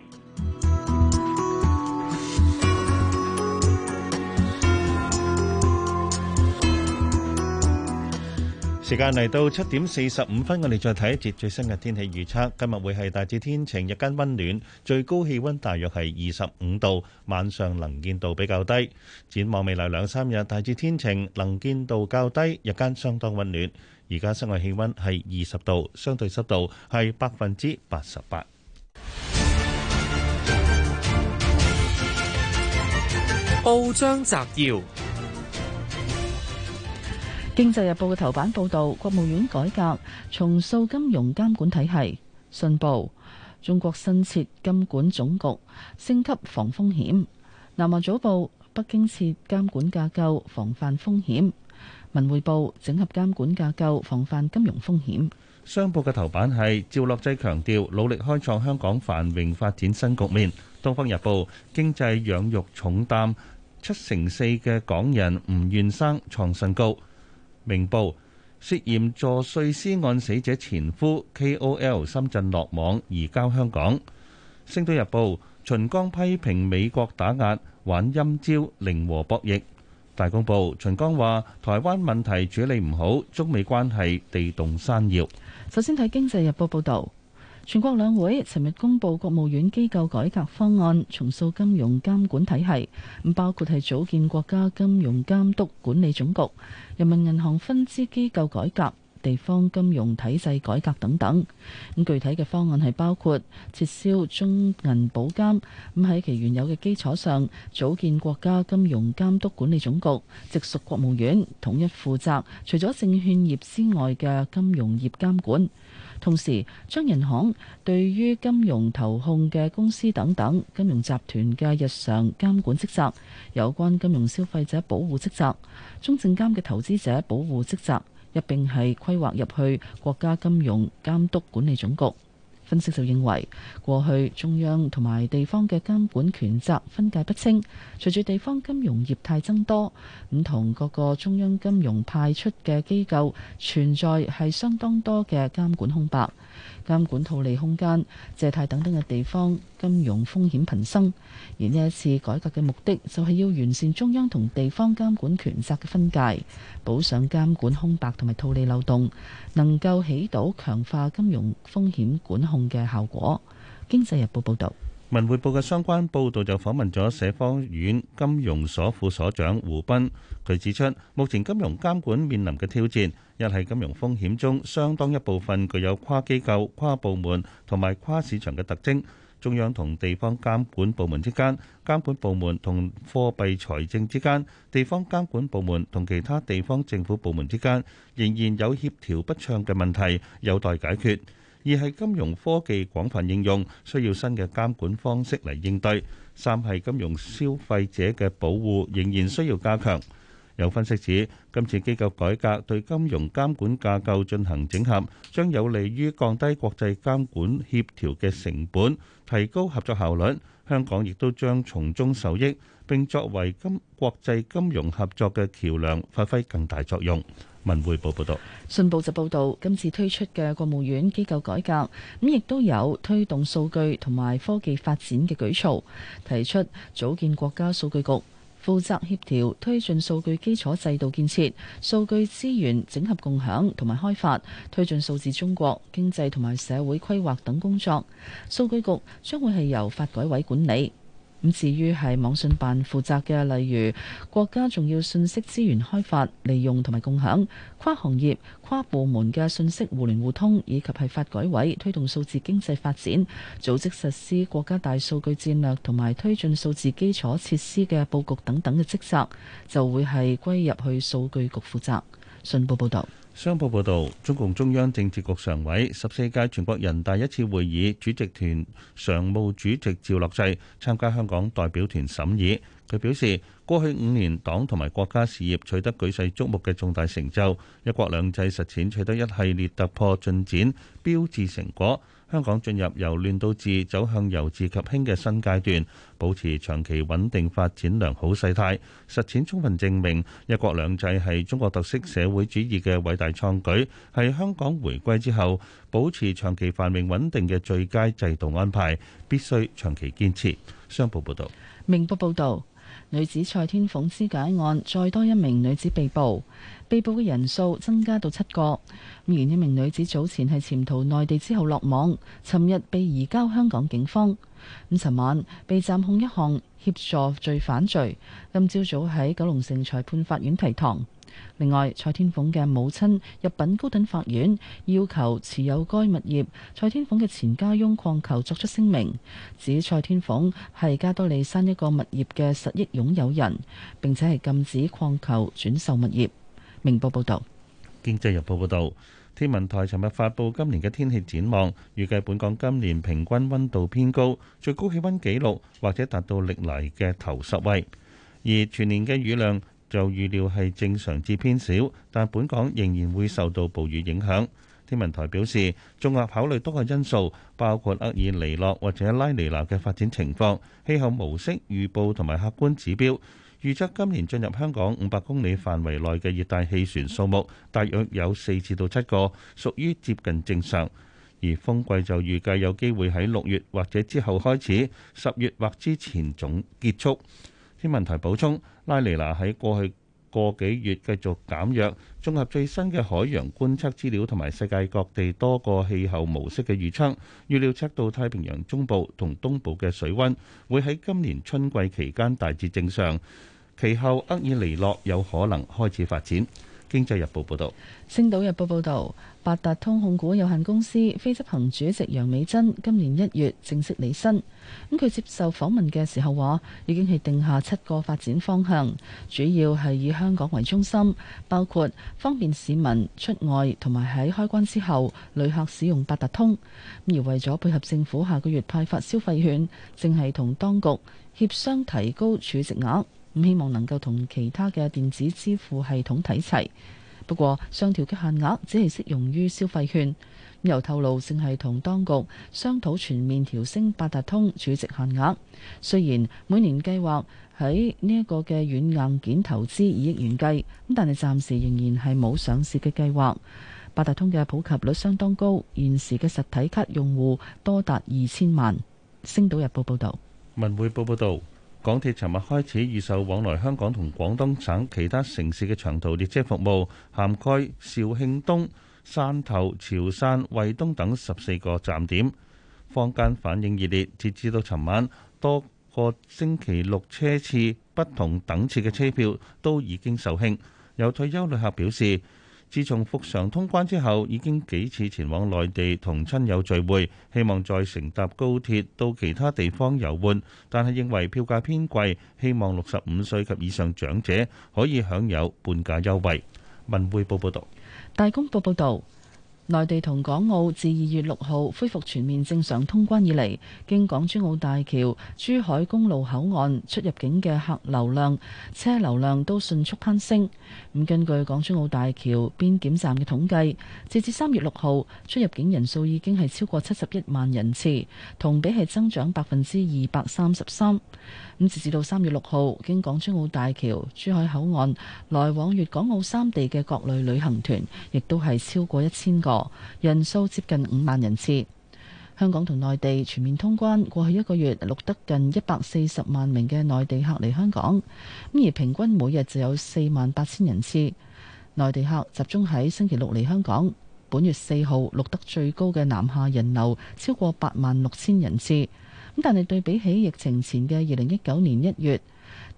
時間嚟到七點四十五分，我哋再睇一節最新嘅天氣預測。今日會係大致天晴，日間溫暖，最高氣溫大約係二十五度。晚上能見度比較低。展望未來兩三日，大致天晴，能見度較低，日間相當溫暖。而家室外氣溫係二十度，相對濕度係百分之八十八。報章摘要。經濟日報嘅頭版報道，國務院改革重塑金融監管體系。信報，中國新設監管總局，升級防風險。南華早報，北京設監管架構，防範風險。文匯報，整合監管架構，防範金融風險。商報嘅頭版係趙樂際強調，努力開創香港繁榮發展新局面。東方日報，經濟養育重擔，七成四嘅港人唔願生，創新高。明報，涉嫌助碎屍案死者前夫 KOL 深圳落網，移交香港。星島日報，秦剛批評美國打壓玩陰招，零和博弈。大公報秦剛話：台灣問題處理唔好，中美關係地動山搖。首先睇經濟日報報導。全國兩會尋日公布國務院機構改革方案，重塑金融監管體系，咁包括係組建國家金融監督管理總局、人民銀行分支機構改革、地方金融體制改革等等。咁具體嘅方案係包括撤銷中銀保監，咁喺其原有嘅基礎上組建國家金融監督管理總局，直屬國務院，統一負責除咗證券業之外嘅金融業監管。同時，將銀行對於金融投控嘅公司等等金融集團嘅日常監管職責、有關金融消費者保護職責、中證監嘅投資者保護職責，一並係規劃入去國家金融監督管理總局。分析就認為，過去中央同埋地方嘅監管權責分界不清，隨住地方金融業態增多，唔同各個中央金融派出嘅機構存在係相當多嘅監管空白。監管套利空間、借貸等等嘅地方金融風險頻生，而呢一次改革嘅目的就係要完善中央同地方監管權責嘅分界，補上監管空白同埋套利漏洞，能夠起到強化金融風險管控嘅效果。經濟日報報道。文匯報嘅相關報道就訪問咗社科院金融所副所長胡斌，佢指出，目前金融監管面臨嘅挑戰，一係金融風險中相當一部分具有跨機構、跨部門同埋跨市場嘅特徵，中央同地方監管部門之間、監管部門同貨幣財政之間、地方監管部門同其他地方政府部門之間，仍然有協調不暢嘅問題有待解決。二係金融科技廣泛應用，需要新嘅監管方式嚟應對，三係金融消費者嘅保護仍然需要加強。有分析指，今次機構改革對金融監管架構進行整合，將有利於降低國際監管協調嘅成本，提高合作效率。香港亦都將從中受益，並作為金國際金融合作嘅橋樑，發揮更大作用。文匯報報道，信報就報道今次推出嘅國務院機構改革，咁亦都有推動數據同埋科技發展嘅舉措，提出組建國家數據局，負責協調推進數據基礎制度建設、數據資源整合共享同埋開發，推進數字中國經濟同埋社會規劃等工作。數據局將會係由發改委管理。咁至於係網信辦負責嘅，例如國家重要信息資源開發、利用同埋共享、跨行業、跨部門嘅信息互聯互通，以及係發改委推動數字經濟發展、組織實施國家大數據戰略同埋推進數字基礎設施嘅佈局等等嘅職責，就會係歸入去數據局負責。信報報道。商報報道，中共中央政治局常委、十四屆全國人大一次會議主席團常務主席趙樂際參加香港代表團審議。佢表示，過去五年，黨同埋國家事業取得舉世矚目嘅重大成就，一國兩制實踐取得一系列突破進展，標誌成果。香港進入由亂到治，走向由治及興嘅新階段，保持長期穩定發展良好勢態，實踐充分證明一國兩制係中國特色社會主義嘅偉大創舉，係香港回歸之後保持長期繁榮穩定嘅最佳制度安排，必須長期堅持。商報報道：明報報道，女子蔡天鳳肢解案再多一名女子被捕。被捕嘅人數增加到七個，而呢名女子早前係潛逃內地之後落網，尋日被移交香港警方。咁，尋晚被暫控一項協助罪犯罪。今朝早喺九龍城裁判法院提堂。另外，蔡天鳳嘅母親入稟高等法院，要求持有該物業蔡天鳳嘅前家翁礦球作出聲明，指蔡天鳳係加多利山一個物業嘅實益擁有人，並且係禁止礦球轉售物業。明報報導，《經濟日報》報導，天文台尋日發佈今年嘅天氣展望，預計本港今年平均溫度偏高，最高氣溫紀錄或者達到歷來嘅頭十位；而全年嘅雨量就預料係正常至偏少，但本港仍然會受到暴雨影響。天文台表示，綜合考慮多個因素，包括厄爾尼諾或者拉尼娜嘅發展情況、氣候模式預報同埋客觀指標。預測今年進入香港五百公里範圍內嘅熱帶氣旋數目大約有四至到七個，屬於接近正常。而風季就預計有機會喺六月或者之後開始，十月或之前總結束。天文台補充，拉尼娜喺過去個幾月繼續減弱。綜合最新嘅海洋觀測資料同埋世界各地多個氣候模式嘅預測，預料測到太平洋中部同東部嘅水溫會喺今年春季期間大致正常。其後，厄爾尼諾有可能開始發展。經濟日報報導，《星島日報》報導，八達通控股有限公司非執行主席楊美珍今年一月正式履新。咁佢接受訪問嘅時候話，已經係定下七個發展方向，主要係以香港為中心，包括方便市民出外同埋喺開關之後旅客使用八達通。而為咗配合政府下個月派發消費券，正係同當局協商提高儲值額。咁希望能夠同其他嘅電子支付系統睇齊。不過上調嘅限額只係適用於消費券。又透露正係同當局商討全面調升八達通儲值限額。雖然每年計劃喺呢一個嘅軟硬件投資二億元計，咁但係暫時仍然係冇上市嘅計劃。八達通嘅普及率相當高，現時嘅實體卡用戶多達二千萬。星島日報報道，文匯報報道。港鐵尋日開始預售往來香港同廣東省其他城市嘅長途列車服務，涵蓋肇慶東、汕頭、潮汕、惠東等十四個站點，坊間反應熱烈。截至到尋晚，多個星期六車次不同等次嘅車票都已經售罄。有退休旅客表示：自從復常通關之後，已經幾次前往內地同親友聚會，希望再乘搭高鐵到其他地方遊玩，但係認為票價偏貴，希望六十五歲及以上長者可以享有半價優惠。文匯報報導，大公報報導。內地同港澳自二月六號恢復全面正常通關以嚟，經港珠澳大橋、珠海公路口岸出入境嘅客流量、車流量都迅速攀升。咁根據港珠澳大橋邊檢站嘅統計，截至三月六號，出入境人數已經係超過七十一萬人次，同比係增長百分之二百三十三。咁截至到三月六號，經港珠澳大橋、珠海口岸來往粵港澳三地嘅各類旅行團，亦都係超過一千個，人數接近五萬人次。香港同內地全面通關，過去一個月錄得近一百四十萬名嘅內地客嚟香港，咁而平均每日就有四萬八千人次。內地客集中喺星期六嚟香港。本月四號錄得最高嘅南下人流超過八萬六千人次。但係對比起疫情前嘅二零一九年一月，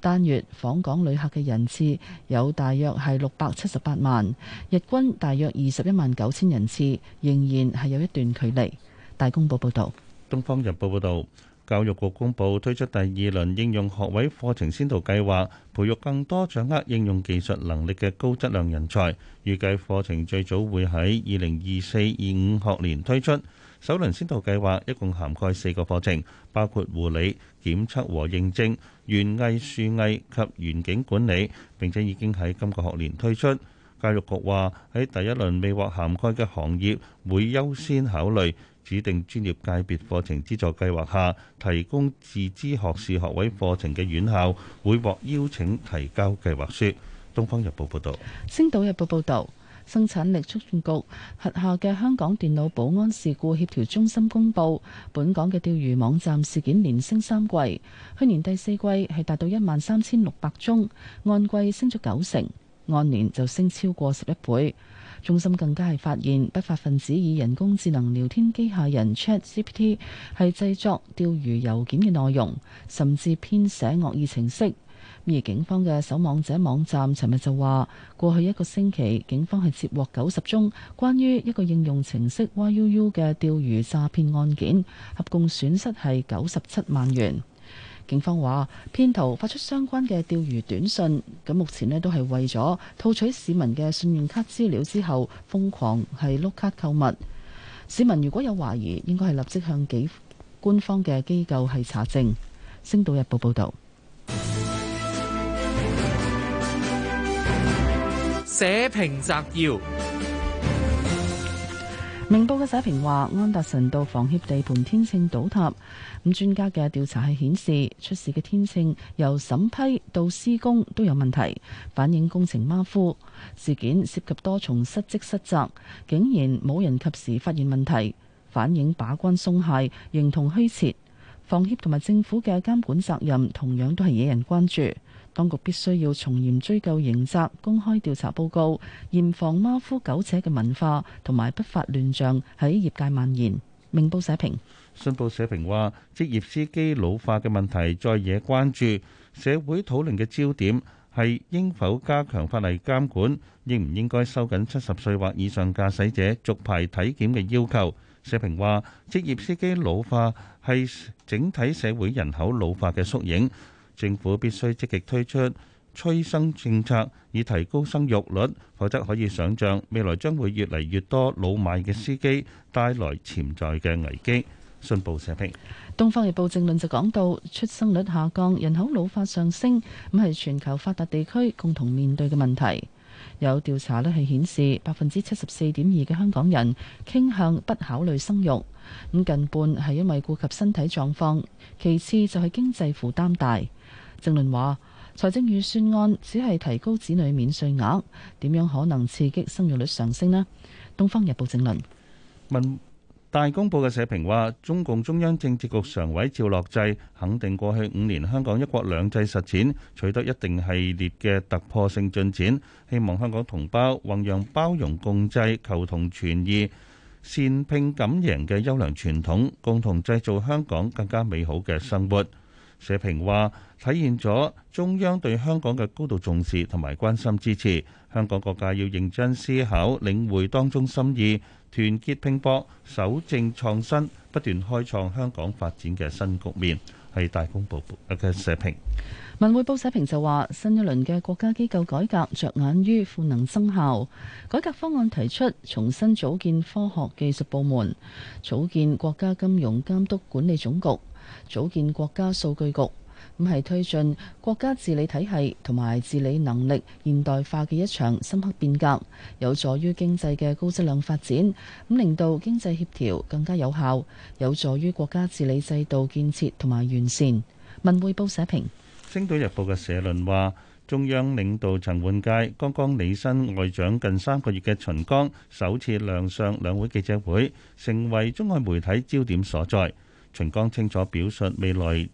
單月訪港旅客嘅人次有大約係六百七十八萬，日均大約二十一萬九千人次，仍然係有一段距離。《大公報》報道，《東方日報》報道，教育局公佈推出第二輪應用學位課程先導計劃，培育更多掌握應用技術能力嘅高質量人才，預計課程最早會喺二零二四二五學年推出。首輪先導計劃一共涵蓋四個課程，包括護理、檢測和認證、園藝、樹藝及園景管理，並且已經喺今個學年推出。教育局話喺第一輪未獲涵蓋嘅行業，會優先考慮指定專業界別課程資助計劃下提供自資學士學位課程嘅院校，會獲邀請提交計劃書。東方日報報道。星島日報報導。生產力促進局轄下嘅香港電腦保安事故協調中心公佈，本港嘅釣魚網站事件連升三季，去年第四季係達到一萬三千六百宗，按季升咗九成，按年就升超過十一倍。中心更加係發現不法分子以人工智能聊天機械人 ChatGPT 係製作釣魚郵件嘅內容，甚至編寫惡意程式。而警方嘅守望者網站，尋日就話，過去一個星期，警方係接獲九十宗關於一個應用程式 Y U U 嘅釣魚詐騙案件，合共損失係九十七萬元。警方話，騙徒發出相關嘅釣魚短信，咁目前呢都係為咗套取市民嘅信用卡資料之後，瘋狂係碌卡購物。市民如果有懷疑，應該係立即向幾官方嘅機構係查證。星島日報報導。社評摘要，明報嘅社評話：安達臣道房協地盤天秤倒塌，咁專家嘅調查係顯示，出事嘅天秤由審批到施工都有問題，反映工程馬虎。事件涉及多重失職失責，竟然冇人及時發現問題，反映把關鬆懈、形同虛設。房協同埋政府嘅監管責任同樣都係惹人關注。當局必須要從嚴追究刑責，公開調查報告，嚴防馬虎苟且嘅文化同埋不法亂象喺業界蔓延。明報社評。信報社評話，職業司機老化嘅問題再惹關注，社會討論嘅焦點係應否加強法例監管，應唔應該收緊七十歲或以上駕駛者續牌體檢嘅要求。社評話，職業司機老化係整體社會人口老化嘅縮影。政府必須積極推出催生政策，以提高生育率，否則可以想象未來將會越嚟越多老邁嘅司機，帶來潛在嘅危機。信報社評《東方日報政論》就講到，出生率下降、人口老化上升，咁係全球發達地區共同面對嘅問題。有調查咧係顯示，百分之七十四點二嘅香港人傾向不考慮生育，咁近半係因為顧及身體狀況，其次就係經濟負擔大。政論話財政預算案只係提高子女免稅額，點樣可能刺激生育率上升呢？東方日報政論，文大公報嘅社評話，中共中央政治局常委趙樂際肯定過去五年香港一國兩制實踐取得一定系列嘅突破性進展，希望香港同胞弘揚包容共濟、求同存異、善拼敢贏嘅優良傳統，共同製造香港更加美好嘅生活。社評話體現咗中央對香港嘅高度重視同埋關心支持，香港各界要認真思考領會當中心意，團結拼搏，守正創新，不斷開創香港發展嘅新局面。係大公報嘅社評。文匯報社評就話，新一輪嘅國家機構改革着眼於賦能生效，改革方案提出重新組建科學技術部門，組建國家金融監督管理總局。組建國家數據局，咁係推進國家治理體系同埋治理能力現代化嘅一場深刻變革，有助於經濟嘅高質量發展，咁令到經濟協調更加有效，有助於國家治理制度建設同埋完善。文匯報社評，《星島日報》嘅社論話：中央領導層換屆，剛剛履新外長近三個月嘅秦剛首次亮相兩會記者會，成為中外媒體焦點所在。秦剛清楚表述未來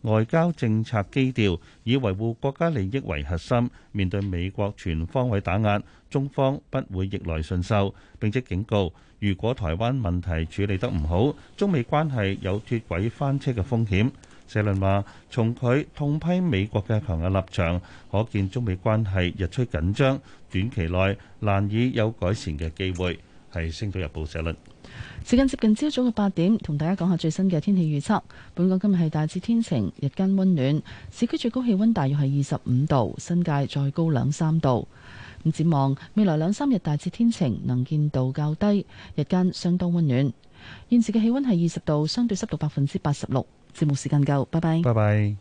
外交政策基調，以維護國家利益為核心。面對美國全方位打壓，中方不會逆來順受。並且警告，如果台灣問題處理得唔好，中美關係有脱軌翻車嘅風險。社論話，從佢痛批美國嘅強硬立場，可見中美關係日趨緊張，短期內難以有改善嘅機會。係星島日報社論。時間接近朝早嘅八點，同大家講下最新嘅天氣預測。本港今日係大致天晴，日間溫暖，市區最高氣溫大約係二十五度，新界再高兩三度。咁展望未來兩三日大致天晴，能見度較低，日間相當溫暖。現時嘅氣溫係二十度，相對濕度百分之八十六。節目時間夠，拜拜。拜拜。